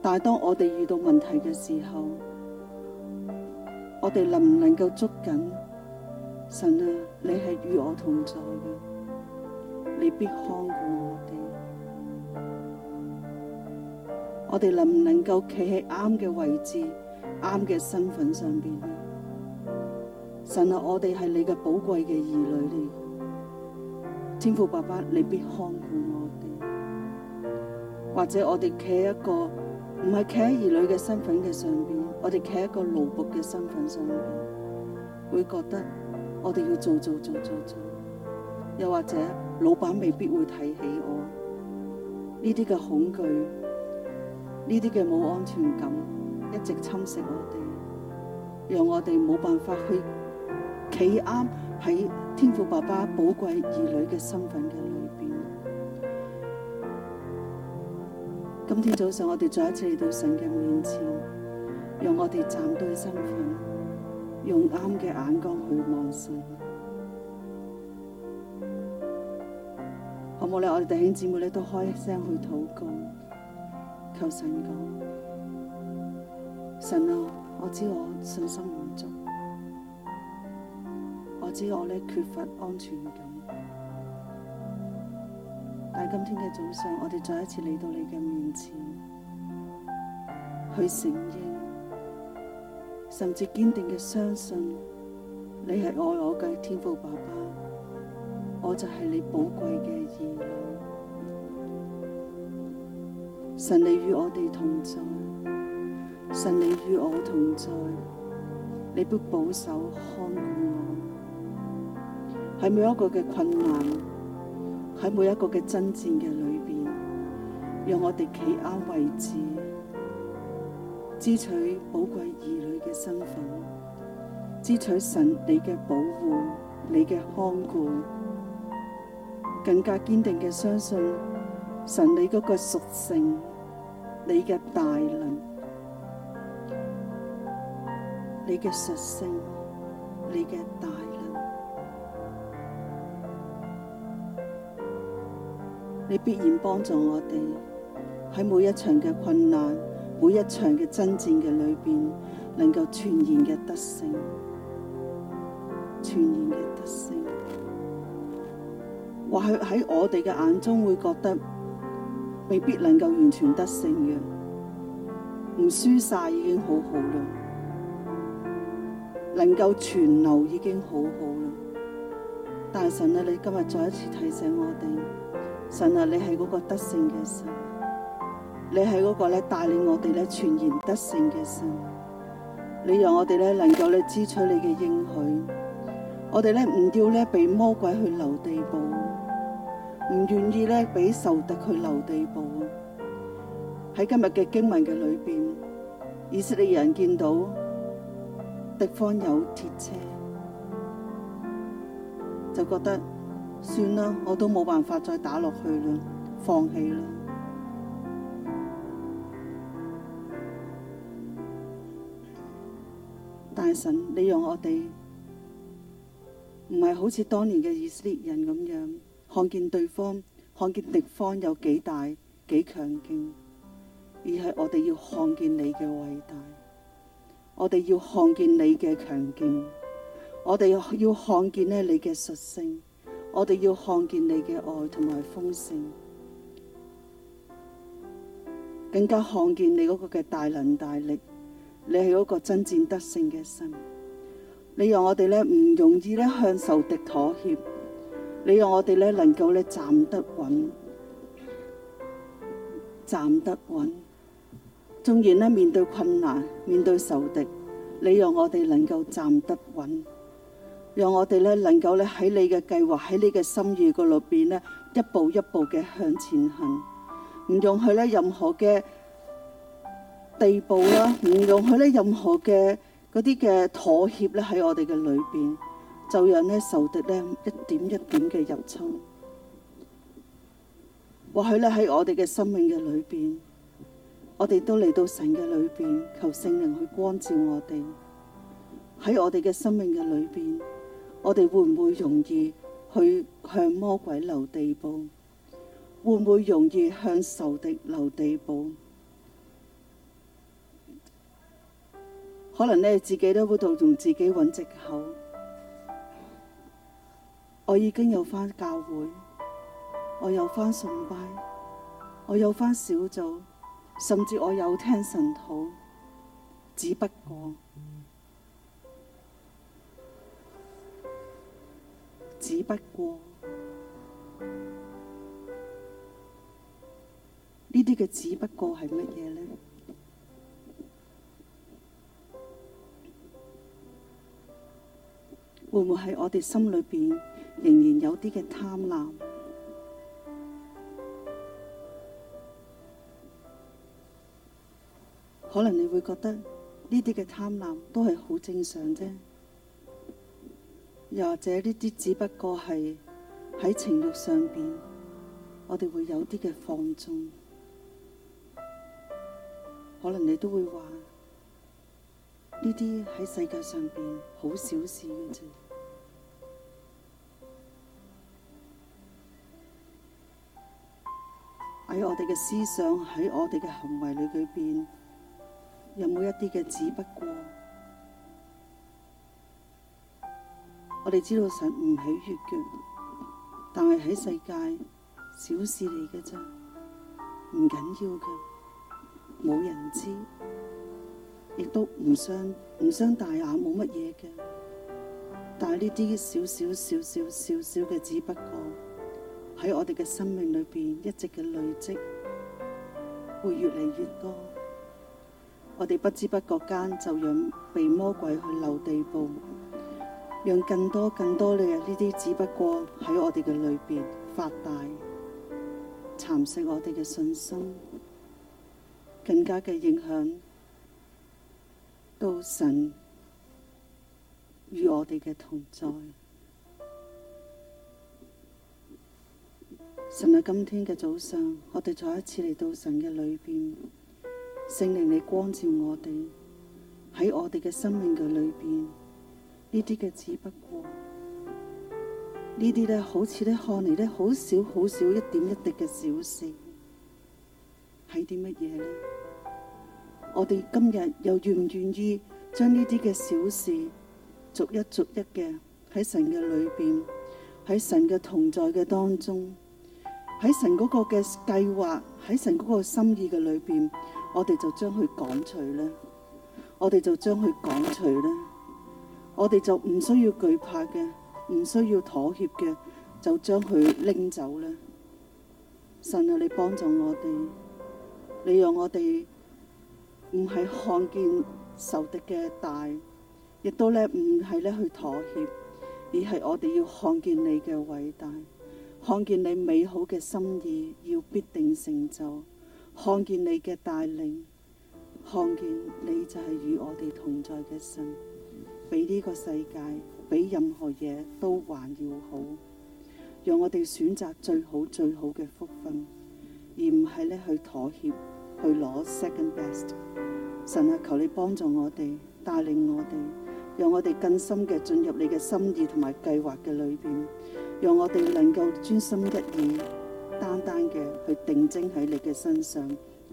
但當我哋遇到問題嘅時候，我哋能唔能夠捉緊？神啊，你係與我同在嘅，你必看顧。我哋能唔能夠企喺啱嘅位置、啱嘅身份上邊？神啊，我哋係你嘅寶貴嘅兒女嚟，天父爸爸，你必看顧我哋。或者我哋企喺一個唔係企喺兒女嘅身份嘅上邊，我哋企喺一個勞僕嘅身份上邊，會覺得我哋要做做做做做。又或者老闆未必會睇起我，呢啲嘅恐懼。呢啲嘅冇安全感，一直侵蝕我哋，讓我哋冇辦法去企啱喺天父爸爸寶貴兒女嘅身份嘅裏邊。今天早上我哋再一次嚟到神嘅面前，讓我哋站對身份，用啱嘅眼光去望神。好唔好咧？我哋弟兄姊妹，你都開聲去禱告。求神講，神啊，我知我信心唔足，我知我哋缺乏安全感，但係今天嘅早上，我哋再一次嚟到你嘅面前，去承認，甚至堅定嘅相信，你係愛我嘅天父爸爸，我就係你寶貴嘅兒。神你與我哋同在，神你與我同在，你必保守看顧我，喺每一個嘅困難，喺每一個嘅爭戰嘅裏面，讓我哋企啱位置，支取寶貴兒女嘅身份，支取神你嘅保護，你嘅看顧，更加堅定嘅相信神你嗰個屬性。你嘅大能，你嘅實性，你嘅大能，你必然幫助我哋喺每一場嘅困難，每一場嘅爭戰嘅裏邊，能夠傳言嘅得勝，傳言嘅得勝，或許喺我哋嘅眼中會覺得。未必能夠完全得勝嘅，唔輸晒已經好好啦，能夠全留已經好好啦。大神啊，你今日再一次提醒我哋，神啊，你係嗰個得勝嘅神，你係嗰個咧帶領我哋咧全然得勝嘅神，你讓我哋咧能夠咧支取你嘅應許，我哋咧唔要咧俾魔鬼去留地步。唔願意咧，俾仇敵去留地步。喺今日嘅經文嘅裏面，以色列人見到敵方有鐵車，就覺得算啦，我都冇辦法再打落去啦，放棄啦。但係神，你讓我哋唔係好似當年嘅以色列人咁樣。看見對方，看見敵方有幾大、幾強勁，而係我哋要看見你嘅偉大，我哋要看見你嘅強勁，我哋要看見咧你嘅實性，我哋要看見你嘅愛同埋豐盛，更加看見你嗰個嘅大能大力，你係嗰個真正得勝嘅神，你讓我哋呢唔容易呢，向仇敵妥協。你讓我哋咧能夠咧站得穩，站得穩，縱然咧面對困難、面對仇敵，你讓我哋能夠站得穩，讓我哋咧能夠咧喺你嘅計劃、喺你嘅心意嗰度邊咧一步一步嘅向前行，唔容許咧任何嘅地步啦，唔容許咧任何嘅嗰啲嘅妥協咧喺我哋嘅裏邊。就讓呢仇敵呢一點一點嘅入侵，或許呢喺我哋嘅生命嘅裏邊，我哋都嚟到神嘅裏邊，求聖靈去光照我哋。喺我哋嘅生命嘅裏邊，我哋會唔會容易去向魔鬼留地步？會唔會容易向仇敵留地步？可能咧自己都喺度同自己揾藉口。我已經有返教會，我有返崇拜，我有返小組，甚至我有聽神道。只不過，嗯、只不過呢啲嘅只不過係乜嘢呢？會唔會喺我哋心裏邊？仍然有啲嘅貪婪，可能你會覺得呢啲嘅貪婪都係好正常啫，又或者呢啲只不過係喺情欲上邊，我哋會有啲嘅放縱，可能你都會話呢啲喺世界上邊好小事嘅啫。喺我哋嘅思想，喺我哋嘅行為裏邊，有冇一啲嘅只不過？我哋知道神唔喜悅嘅，但係喺世界小事嚟嘅啫，唔緊要嘅，冇人知，亦都唔傷唔傷大雅冇乜嘢嘅。但係呢啲小小小小小小嘅只不過。喺我哋嘅生命裏邊，一直嘅累積會越嚟越多，我哋不知不覺間就讓被魔鬼去留地步，讓更多更多嘅呢啲只不過喺我哋嘅裏邊發大，蠶食我哋嘅信心，更加嘅影響到神與我哋嘅同在。神喺今天嘅早上，我哋再一次嚟到神嘅裏邊，聖靈嚟光照我哋喺我哋嘅生命嘅裏邊，呢啲嘅只不過這些呢啲咧，好似咧，看嚟咧，好小好小一點一滴嘅小事，係啲乜嘢咧？我哋今日又願唔願意將呢啲嘅小事，逐一逐一嘅喺神嘅裏邊，喺神嘅同在嘅當中？喺神嗰個嘅計劃，喺神嗰個心意嘅裏邊，我哋就將佢趕除啦，我哋就將佢趕除啦，我哋就唔需要懼怕嘅，唔需要妥協嘅，就將佢拎走啦，神啊，你幫助我哋，你讓我哋唔係看見仇敵嘅大，亦都咧唔係咧去妥協，而係我哋要看見你嘅偉大。看見你美好嘅心意，要必定成就；看見你嘅帶領，看見你就係與我哋同在嘅神，比呢個世界，比任何嘢都還要好。讓我哋選擇最好最好嘅福分，而唔係咧去妥協，去攞 second best。神啊，求你幫助我哋，帶領我哋，讓我哋更深嘅進入你嘅心意同埋計劃嘅裏邊。讓我哋能夠專心一意，單單嘅去定睛喺你嘅身上，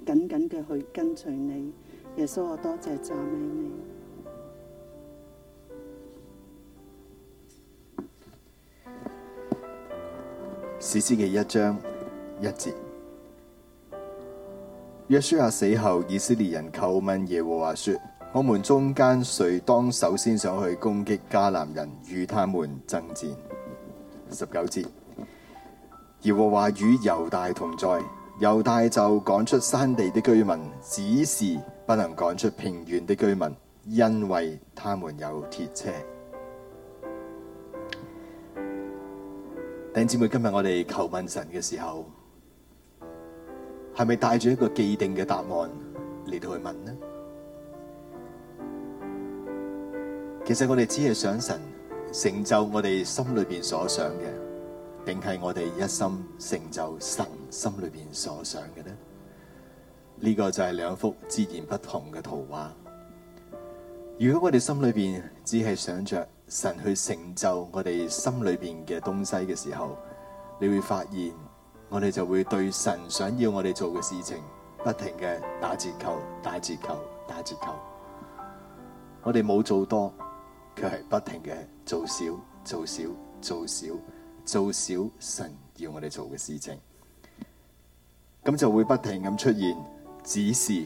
緊緊嘅去跟隨你。耶穌我多謝讚美你。士師記嘅一章一節，約書亞死後，以色列人叩問耶和華說：我們中間誰當首先上去攻擊迦南人，與他們爭戰？十九節，耶和華與猶大同在，猶大就趕出山地的居民，只是不能趕出平原的居民，因為他們有鐵車。 弟姐妹，今日我哋求問神嘅時候，係咪帶住一個既定嘅答案嚟到去問呢？其實我哋只係想神。成就我哋心裏邊所想嘅，定係我哋一心成就神心裏邊所想嘅咧？呢個就係兩幅截然不同嘅圖畫。如果我哋心裏邊只係想着神去成就我哋心裏邊嘅東西嘅時候，你會發現我哋就會對神想要我哋做嘅事情，不停嘅打折扣、打折扣、打折扣。我哋冇做多，佢係不停嘅。做少，做少，做少，做少神要我哋做嘅事情，咁就會不停咁出現指示，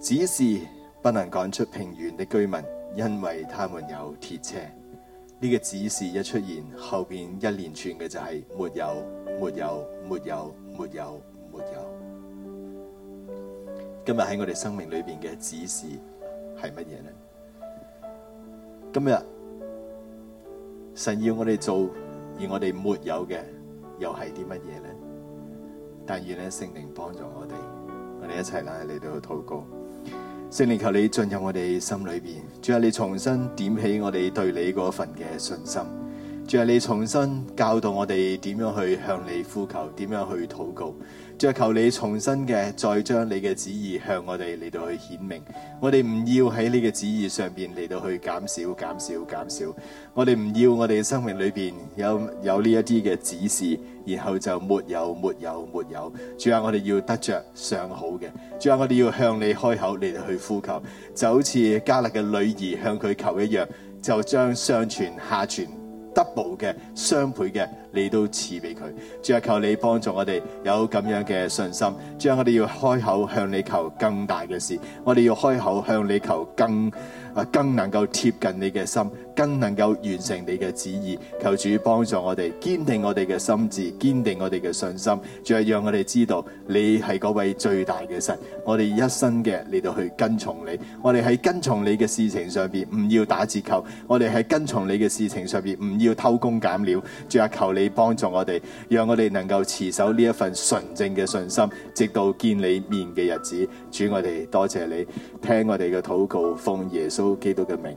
指示不能趕出平原的居民，因為他們有鐵車。呢個指示一出現，後邊一連串嘅就係沒有沒有沒有沒有沒有。今日喺我哋生命裏邊嘅指示係乜嘢呢？今日神要我哋做，而我哋沒有嘅，又係啲乜嘢咧？但願咧聖靈幫助我哋，我哋一齊啦你度禱告。聖靈求你進入我哋心裏邊，仲有你重新點起我哋對你嗰份嘅信心。仲有你重新教導我哋點樣去向你呼求，點樣去禱告。再求你重新嘅再將你嘅旨意向我哋嚟到去顯明。我哋唔要喺你嘅旨意上邊嚟到去減少、減少、減少。我哋唔要我哋嘅生命裏邊有有呢一啲嘅指示，然後就沒有、沒有、沒有。仲有我哋要得着上好嘅。仲有我哋要向你開口嚟到去呼求，就好似迦勒嘅女兒向佢求一樣，就將上泉下泉。double 嘅、雙倍嘅，你都賜畀佢。主啊，求你幫助我哋有咁樣嘅信心，將我哋要開口向你求更大嘅事，我哋要開口向你求更啊更能夠貼近你嘅心。更能夠完成你嘅旨意，求主幫助我哋，堅定我哋嘅心智，堅定我哋嘅信心。仲係讓我哋知道你係嗰位最大嘅神，我哋一生嘅嚟到去跟從你。我哋喺跟從你嘅事情上面唔要打折扣，我哋喺跟從你嘅事情上面唔要偷工減料。仲係求你幫助我哋，讓我哋能夠持守呢一份純正嘅信心，直到見你面嘅日子。主，我哋多謝你，聽我哋嘅禱告，奉耶穌基督嘅名。